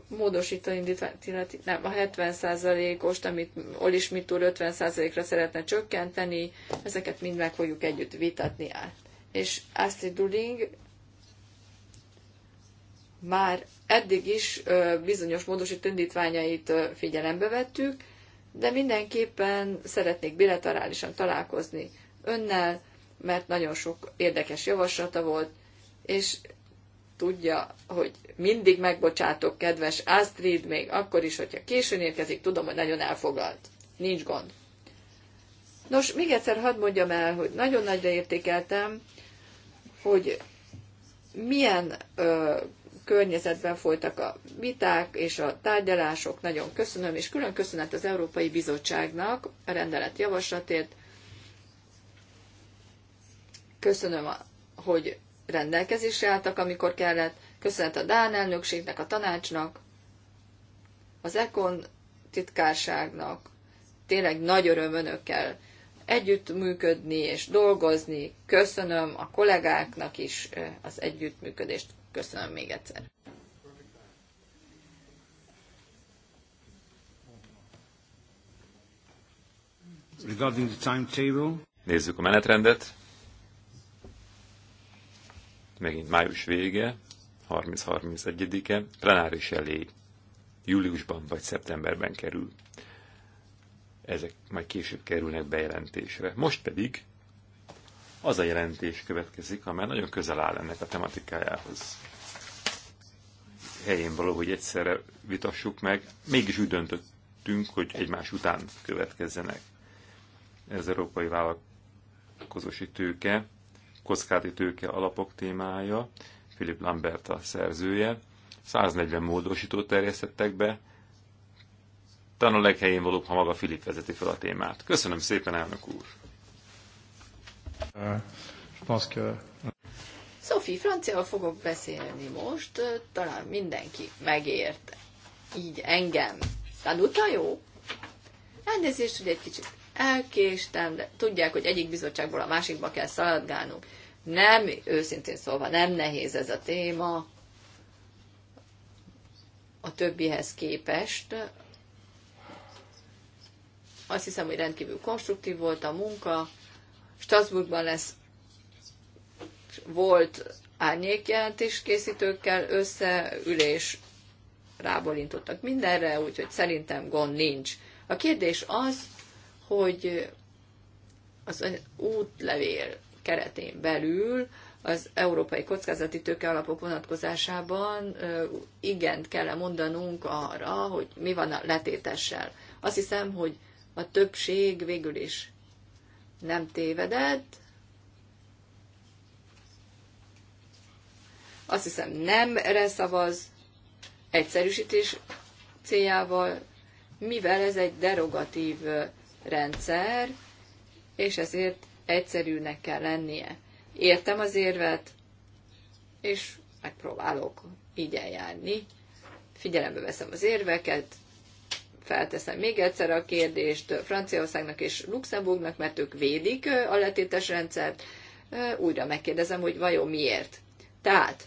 módosító indítványt nem, a 70%-ost, amit Oli Schmidt úr 50%-ra szeretne csökkenteni, ezeket mind meg fogjuk együtt vitatni. És Astrid Duling már eddig is bizonyos módosító indítványait figyelembe vettük, de mindenképpen szeretnék bilaterálisan találkozni önnel, mert nagyon sok érdekes javaslata volt, és tudja, hogy mindig megbocsátok, kedves Astrid, még akkor is, hogyha későn érkezik, tudom, hogy nagyon elfoglalt. Nincs gond. Nos, még egyszer hadd mondjam el, hogy nagyon nagyra értékeltem, hogy milyen ö, környezetben folytak a viták és a tárgyalások. Nagyon köszönöm, és külön köszönet az Európai Bizottságnak a rendelet javaslatért. Köszönöm, hogy rendelkezésre álltak, amikor kellett. Köszönet a Dán elnökségnek, a tanácsnak, az Ekon titkárságnak. Tényleg nagy öröm önökkel együttműködni és dolgozni. Köszönöm a kollégáknak is eh, az együttműködést. Köszönöm még egyszer. Regarding the timetable. Nézzük a menetrendet megint május vége, 30-31-e, plenáris elé júliusban vagy szeptemberben kerül. Ezek majd később kerülnek bejelentésre. Most pedig az a jelentés következik, amely nagyon közel áll ennek a tematikájához. Helyén való, hogy egyszerre vitassuk meg, mégis úgy döntöttünk, hogy egymás után következzenek. Ez európai vállalkozósi tőke, kockázati tőke alapok témája, Philip Lambert a szerzője. 140 módosítót terjesztettek be, talán a leghelyén valóbb, ha maga Filip vezeti fel a témát. Köszönöm szépen, elnök úr! Uh, Sophie, Francia fogok beszélni most, talán mindenki megért így engem. Tanulta jó? Elnézést, hogy egy kicsit elkéstem, de tudják, hogy egyik bizottságból a másikba kell szaladgálnunk. Nem, őszintén szólva, nem nehéz ez a téma a többihez képest. Azt hiszem, hogy rendkívül konstruktív volt a munka. Strasbourgban lesz volt árnyékjelentés készítőkkel összeülés, rábólintottak mindenre, úgyhogy szerintem gond nincs. A kérdés az, hogy az útlevél keretén belül az európai kockázati tőke alapok vonatkozásában igent kell mondanunk arra, hogy mi van a letétessel. Azt hiszem, hogy a többség végül is nem tévedett. Azt hiszem erre szavaz egyszerűsítés céljával, mivel ez egy derogatív rendszer, és ezért egyszerűnek kell lennie. Értem az érvet, és megpróbálok így eljárni. Figyelembe veszem az érveket, felteszem még egyszer a kérdést Franciaországnak és Luxemburgnak, mert ők védik a letétes rendszert, újra megkérdezem, hogy vajon miért. Tehát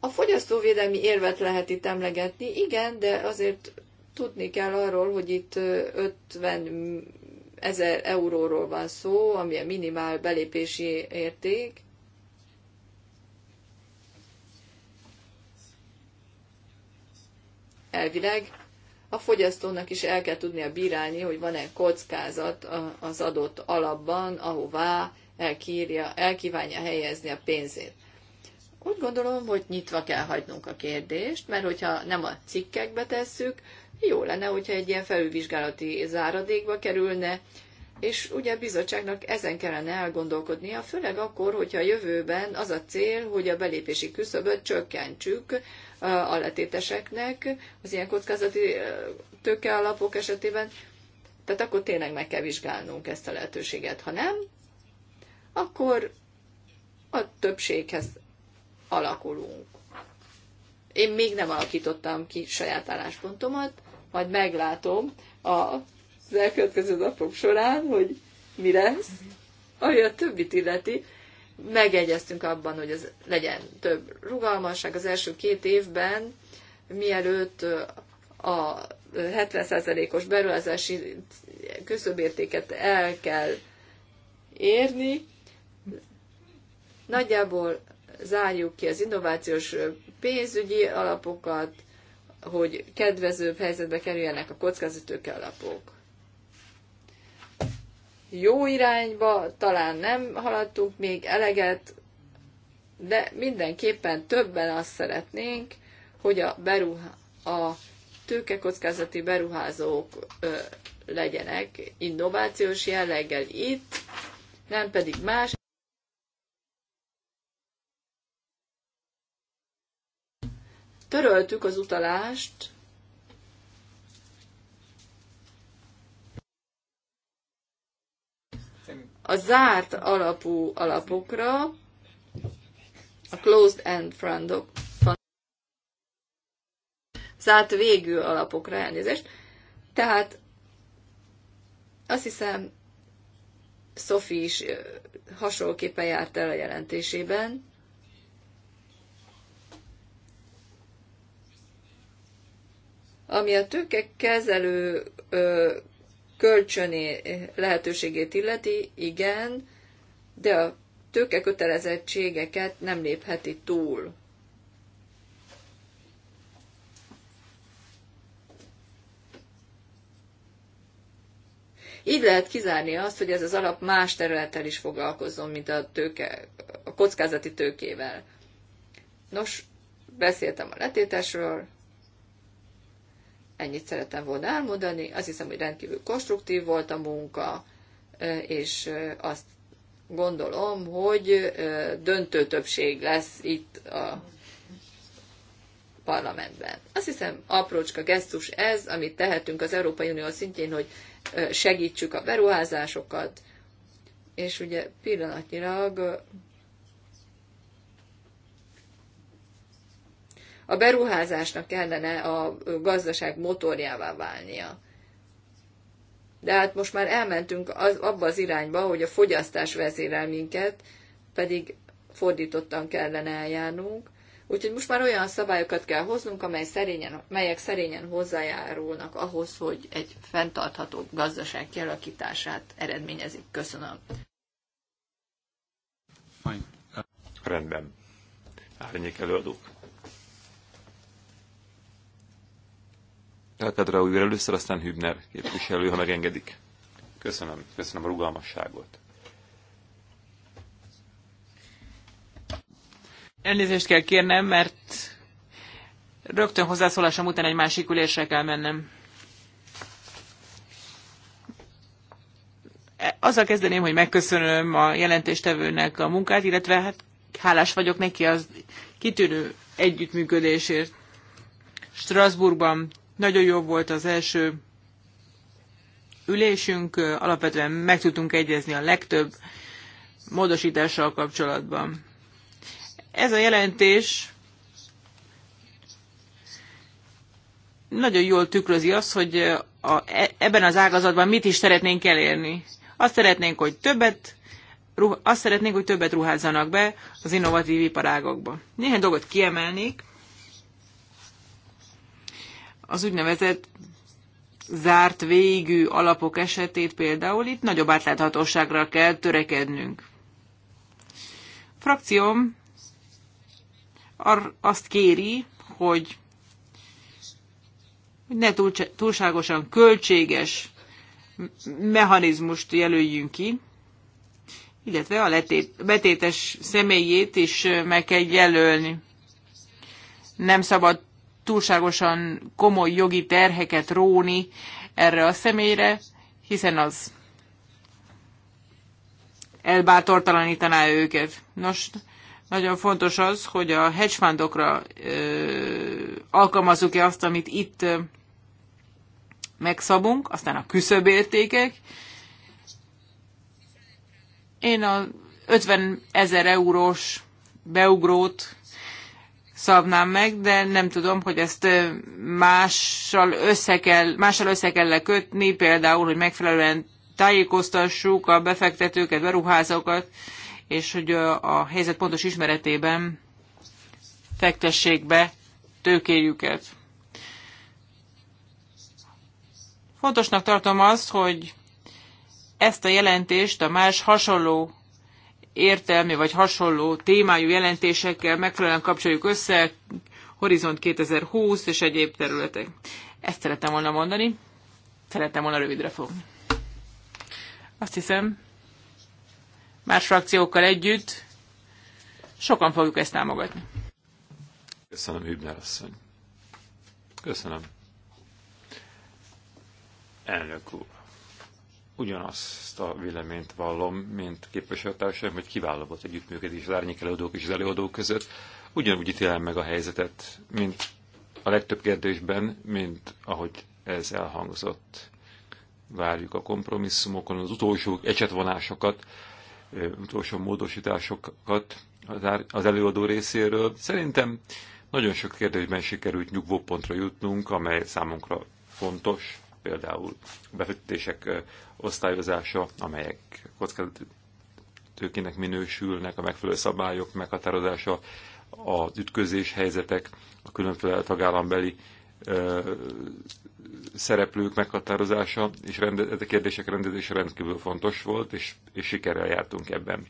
a fogyasztóvédelmi érvet lehet itt emlegetni, igen, de azért Tudni kell arról, hogy itt 50 ezer euróról van szó, ami a minimál belépési érték, elvileg a fogyasztónak is el kell tudnia bírálni, hogy van-e kockázat az adott alapban, ahová elkírja, elkívánja helyezni a pénzét. Úgy gondolom, hogy nyitva kell hagynunk a kérdést, mert hogyha nem a cikkekbe tesszük, jó lenne, hogyha egy ilyen felülvizsgálati záradékba kerülne, és ugye a bizottságnak ezen kellene elgondolkodnia, főleg akkor, hogyha a jövőben az a cél, hogy a belépési küszöböt csökkentsük a letéteseknek, az ilyen kockázati tőkealapok esetében, tehát akkor tényleg meg kell vizsgálnunk ezt a lehetőséget. Ha nem, akkor a többséghez alakulunk. Én még nem alakítottam ki saját álláspontomat, majd meglátom az elkövetkező napok során, hogy mi lesz, ami a többit illeti. Megegyeztünk abban, hogy ez legyen több rugalmasság az első két évben, mielőtt a 70%-os beruházási küszöbértéket el kell érni. Nagyjából zárjuk ki az innovációs pénzügyi alapokat, hogy kedvezőbb helyzetbe kerüljenek a kockázatőke alapok. Jó irányba talán nem haladtunk még eleget, de mindenképpen többen azt szeretnénk, hogy a, beruha, a tőkekockázati beruházók ö, legyenek innovációs jelleggel itt, nem pedig más töröltük az utalást, a zárt alapú alapokra, a closed end fundok, zárt végű alapokra elnézést. Tehát azt hiszem, Sophie is hasonlóképpen járt el a jelentésében. Ami a tőke kezelő kölcsöni lehetőségét illeti, igen, de a tőke kötelezettségeket nem lépheti túl. Így lehet kizárni azt, hogy ez az alap más területtel is foglalkozzon, mint a, tőke, a kockázati tőkével. Nos, beszéltem a letétesről, Ennyit szerettem volna elmondani. Azt hiszem, hogy rendkívül konstruktív volt a munka, és azt gondolom, hogy döntő többség lesz itt a parlamentben. Azt hiszem, aprócska gesztus ez, amit tehetünk az Európai Unió szintjén, hogy segítsük a beruházásokat, és ugye pillanatnyilag a beruházásnak kellene a gazdaság motorjává válnia. De hát most már elmentünk az, abba az irányba, hogy a fogyasztás vezérel minket, pedig fordítottan kellene eljárnunk. Úgyhogy most már olyan szabályokat kell hoznunk, amely szerényen, melyek szerényen hozzájárulnak ahhoz, hogy egy fenntartható gazdaság kialakítását eredményezik. Köszönöm. Rendben. Árnyék előadók. Elkadra újra először, aztán Hübner képviselő, ha megengedik. Köszönöm, köszönöm a rugalmasságot. Elnézést kell kérnem, mert rögtön hozzászólásom után egy másik ülésre kell mennem. E, azzal kezdeném, hogy megköszönöm a jelentéstevőnek a munkát, illetve hát hálás vagyok neki az kitűnő együttműködésért. Strasbourgban nagyon jó volt az első ülésünk, alapvetően meg tudtunk egyezni a legtöbb módosítással kapcsolatban. Ez a jelentés nagyon jól tükrözi azt, hogy a, e, ebben az ágazatban mit is szeretnénk elérni. Azt szeretnénk, hogy többet azt szeretnénk, hogy többet ruházzanak be az innovatív iparágokba. Néhány dolgot kiemelnék az úgynevezett zárt végű alapok esetét például itt nagyobb átláthatóságra kell törekednünk. A frakcióm azt kéri, hogy ne túlságosan költséges mechanizmust jelöljünk ki, illetve a letét, betétes személyét is meg kell jelölni. Nem szabad túlságosan komoly jogi terheket róni erre a személyre, hiszen az elbátortalanítaná őket. Nos, nagyon fontos az, hogy a hedge fundokra alkalmazzuk-e azt, amit itt ö, megszabunk, aztán a küszöbértékek. Én a 50 ezer eurós beugrót szabnám meg, de nem tudom, hogy ezt mással össze kell, mással össze kell kötni, például, hogy megfelelően tájékoztassuk a befektetőket, beruházókat, és hogy a helyzet pontos ismeretében fektessék be tőkéjüket. Fontosnak tartom azt, hogy ezt a jelentést a más hasonló értelmi vagy hasonló témájú jelentésekkel megfelelően kapcsoljuk össze Horizont 2020 és egyéb területek. Ezt szerettem volna mondani, szerettem volna rövidre fogni. Azt hiszem, más frakciókkal együtt sokan fogjuk ezt támogatni. Köszönöm, Hübner asszony. Köszönöm. Elnök úr ugyanazt a véleményt vallom, mint képviselőtársaim, hogy kiváló volt együttműködés az árnyékelődők és az előadók között. Ugyanúgy ítélem meg a helyzetet, mint a legtöbb kérdésben, mint ahogy ez elhangzott. Várjuk a kompromisszumokon, az utolsó ecsetvonásokat, utolsó módosításokat az előadó részéről. Szerintem nagyon sok kérdésben sikerült nyugvópontra jutnunk, amely számunkra fontos például befektetések osztályozása, amelyek kockázatőkének minősülnek, a megfelelő szabályok meghatározása, az ütközés helyzetek, a különféle tagállambeli ö, szereplők meghatározása, és rende, ez a kérdések rendezése rendkívül fontos volt, és, és sikerrel jártunk ebben.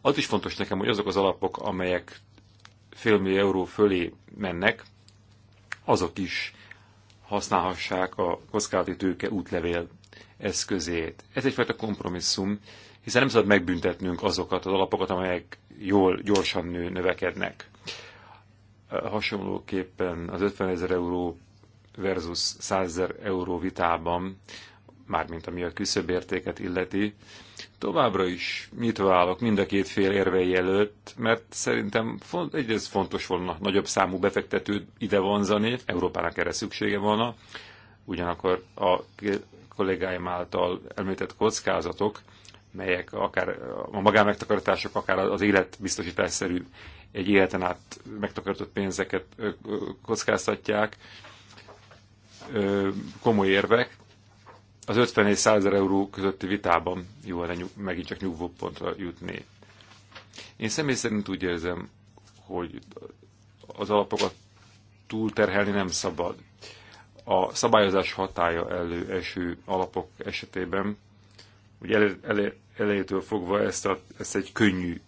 Az is fontos nekem, hogy azok az alapok, amelyek félmillió euró fölé mennek, azok is használhassák a kockázati tőke útlevél eszközét. Ez egyfajta kompromisszum, hiszen nem szabad megbüntetnünk azokat az alapokat, amelyek jól, gyorsan nő, növekednek. Hasonlóképpen az 50 ezer euró versus 100 ezer euró vitában, mármint ami a küszöbértéket illeti, továbbra is nyitva állok mind a két fél érvei előtt, mert szerintem font, egyrészt fontos volna nagyobb számú befektetőt ide vonzani, Európának erre szüksége volna, ugyanakkor a kollégáim által említett kockázatok, melyek akár a magánmegtakarítások, akár az életbiztosításszerű egy életen át megtakarított pénzeket kockáztatják, komoly érvek, az 50 és 100 euró közötti vitában jó lenne megint csak nyugvó pontra jutni. Én személy szerint úgy érzem, hogy az alapokat túlterhelni nem szabad. A szabályozás hatája elő eső alapok esetében, ugye elej, elejétől fogva ezt, a, ezt egy könnyű,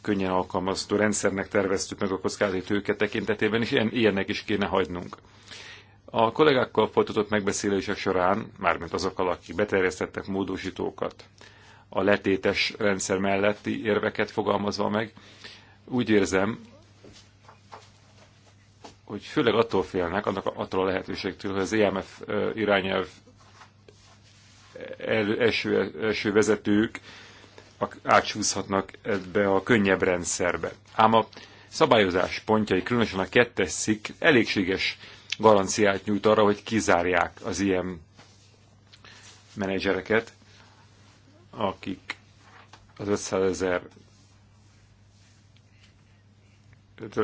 könnyen alkalmazható rendszernek terveztük meg a kockázati tőke tekintetében, és ilyen, ilyennek is kéne hagynunk. A kollégákkal folytatott megbeszélések során, mármint azokkal, akik beterjesztettek módosítókat, a letétes rendszer melletti érveket fogalmazva meg, úgy érzem, hogy főleg attól félnek, annak attól a lehetőségtől, hogy az EMF irányelv el, első, első vezetők átsúszhatnak ebbe a könnyebb rendszerbe. Ám a szabályozás pontjai, különösen a kettes szik elégséges garanciát nyújt arra, hogy kizárják az ilyen menedzsereket, akik az 500 ezer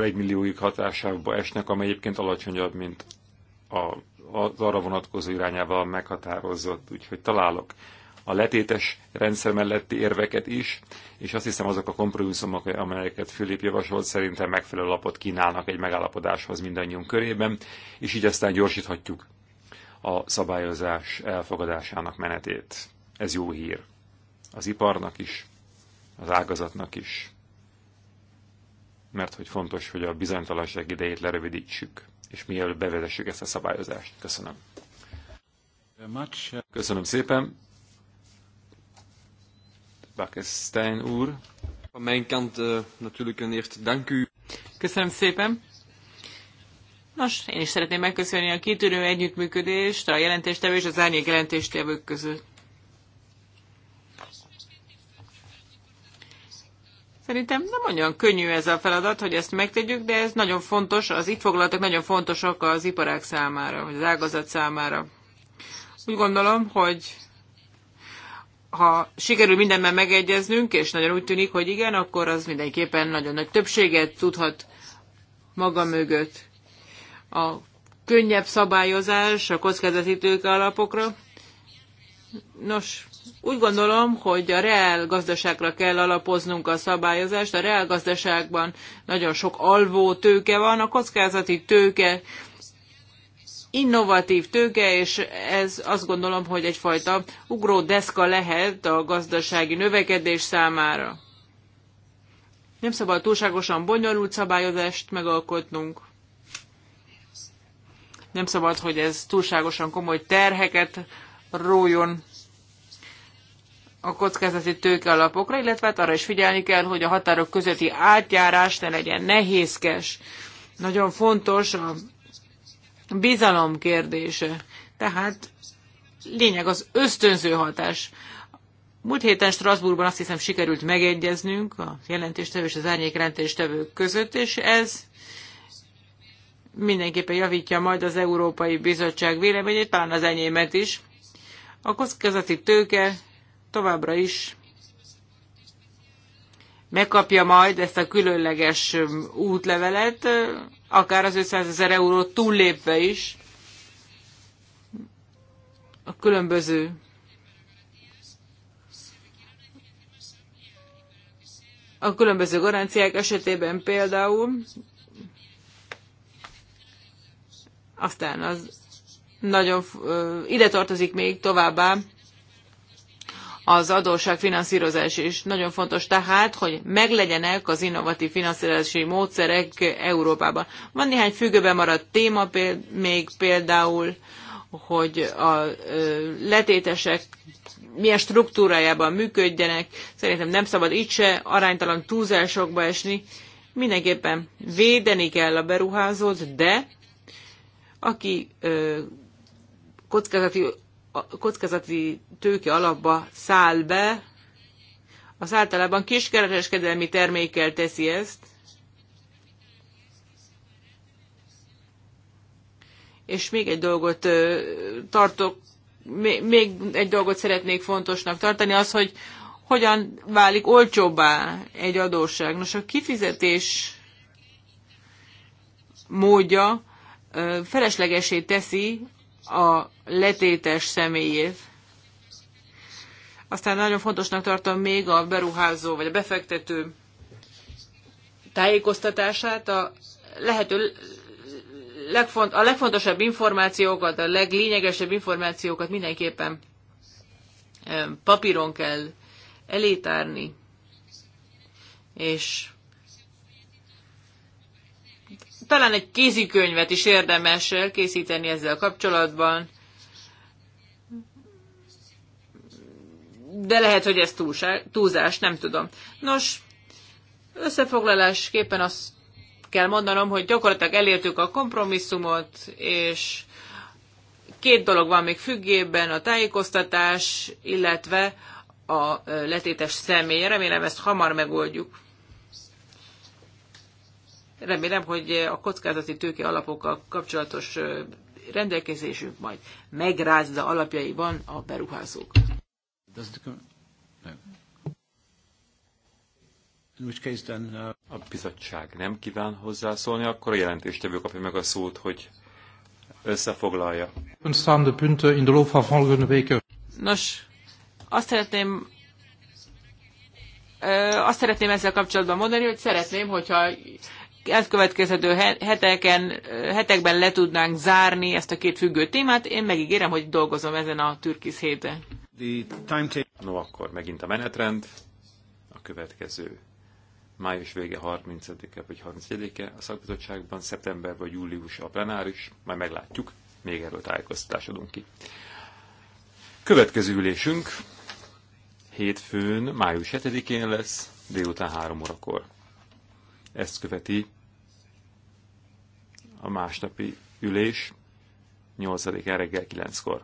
egy millióig hatásába esnek, amely egyébként alacsonyabb, mint a, az arra vonatkozó irányával meghatározott, úgyhogy találok a letétes rendszer melletti érveket is, és azt hiszem azok a kompromisszumok, amelyeket Fülip javasolt, szerintem megfelelő lapot kínálnak egy megállapodáshoz mindannyiunk körében, és így aztán gyorsíthatjuk a szabályozás elfogadásának menetét. Ez jó hír. Az iparnak is, az ágazatnak is. Mert hogy fontos, hogy a bizonytalanság idejét lerövidítsük, és mielőbb bevezessük ezt a szabályozást. Köszönöm. Köszönöm szépen. Bakestein úr. Van mijn kant uh, natuurlijk een eerste dank u. Köszönöm szépen. Nos, én is szeretném megköszönni a kitűnő együttműködést a jelentéstevő és az árnyék jelentéstevők között. Szerintem nem olyan könnyű ez a feladat, hogy ezt megtegyük, de ez nagyon fontos, az itt foglaltak nagyon fontosak az iparák számára, vagy az ágazat számára. Úgy gondolom, hogy ha sikerül mindenben megegyeznünk, és nagyon úgy tűnik, hogy igen, akkor az mindenképpen nagyon nagy többséget tudhat maga mögött. A könnyebb szabályozás a kockázatítők alapokra. Nos, úgy gondolom, hogy a reál gazdaságra kell alapoznunk a szabályozást. A reál gazdaságban nagyon sok alvó tőke van, a kockázati tőke innovatív tőke, és ez azt gondolom, hogy egyfajta ugró deszka lehet a gazdasági növekedés számára. Nem szabad túlságosan bonyolult szabályozást megalkotnunk. Nem szabad, hogy ez túlságosan komoly terheket rójon a kockázati tőke alapokra, illetve hát arra is figyelni kell, hogy a határok közötti átjárás ne legyen nehézkes. Nagyon fontos a bizalom kérdése. Tehát lényeg az ösztönző hatás. Múlt héten Strasbourgban azt hiszem sikerült megegyeznünk a jelentéstevő és az árnyék jelentéstevők között, és ez mindenképpen javítja majd az Európai Bizottság véleményét, talán az enyémet is. A kockázati tőke továbbra is megkapja majd ezt a különleges útlevelet, akár az 500 ezer eurót túllépve is, a különböző a különböző garanciák esetében például, aztán az nagyon ide tartozik még továbbá az adósság finanszírozás is. Nagyon fontos tehát, hogy meglegyenek az innovatív finanszírozási módszerek Európában. Van néhány függőben maradt téma, még például, hogy a letétesek milyen struktúrájában működjenek. Szerintem nem szabad itt se aránytalan túlzásokba esni. Mindenképpen védeni kell a beruházót, de aki ö, kockázati a kockázati tőke alapba száll be, az általában kiskereskedelmi termékkel teszi ezt, és még egy dolgot tartok, még egy dolgot szeretnék fontosnak tartani, az, hogy hogyan válik olcsóbbá egy adósság. Nos, a kifizetés módja feleslegesé teszi a letétes személyét. Aztán nagyon fontosnak tartom még a beruházó vagy a befektető tájékoztatását, a lehető legfont, a legfontosabb információkat, a leglényegesebb információkat mindenképpen eh, papíron kell elétárni, és talán egy kézikönyvet is érdemes készíteni ezzel kapcsolatban, de lehet, hogy ez túlzás, nem tudom. Nos, összefoglalásképpen azt kell mondanom, hogy gyakorlatilag elértük a kompromisszumot, és két dolog van még függében, a tájékoztatás, illetve a letétes személy. Remélem ezt hamar megoldjuk. Remélem, hogy a kockázati tőke alapokkal kapcsolatos rendelkezésünk majd megrázza alapjaiban a beruházók. Uh, a bizottság nem kíván hozzászólni, akkor a jelentéstevő kapja meg a szót, hogy összefoglalja. Nos, azt szeretném azt szeretném ezzel kapcsolatban mondani, hogy szeretném, hogyha elkövetkezhető heteken, hetekben le tudnánk zárni ezt a két függő témát. Én megígérem, hogy dolgozom ezen a türkisz héten. No, akkor megint a menetrend. A következő május vége 30-e vagy 31-e a szakbizottságban, szeptember vagy július a plenáris, majd meglátjuk, még erről tájékoztatást adunk ki. Következő ülésünk hétfőn, május 7-én lesz, délután 3 órakor. Ezt követi a másnapi ülés 8 reggel 9-kor.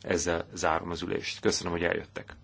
Ezzel zárom az ülést. Köszönöm, hogy eljöttek.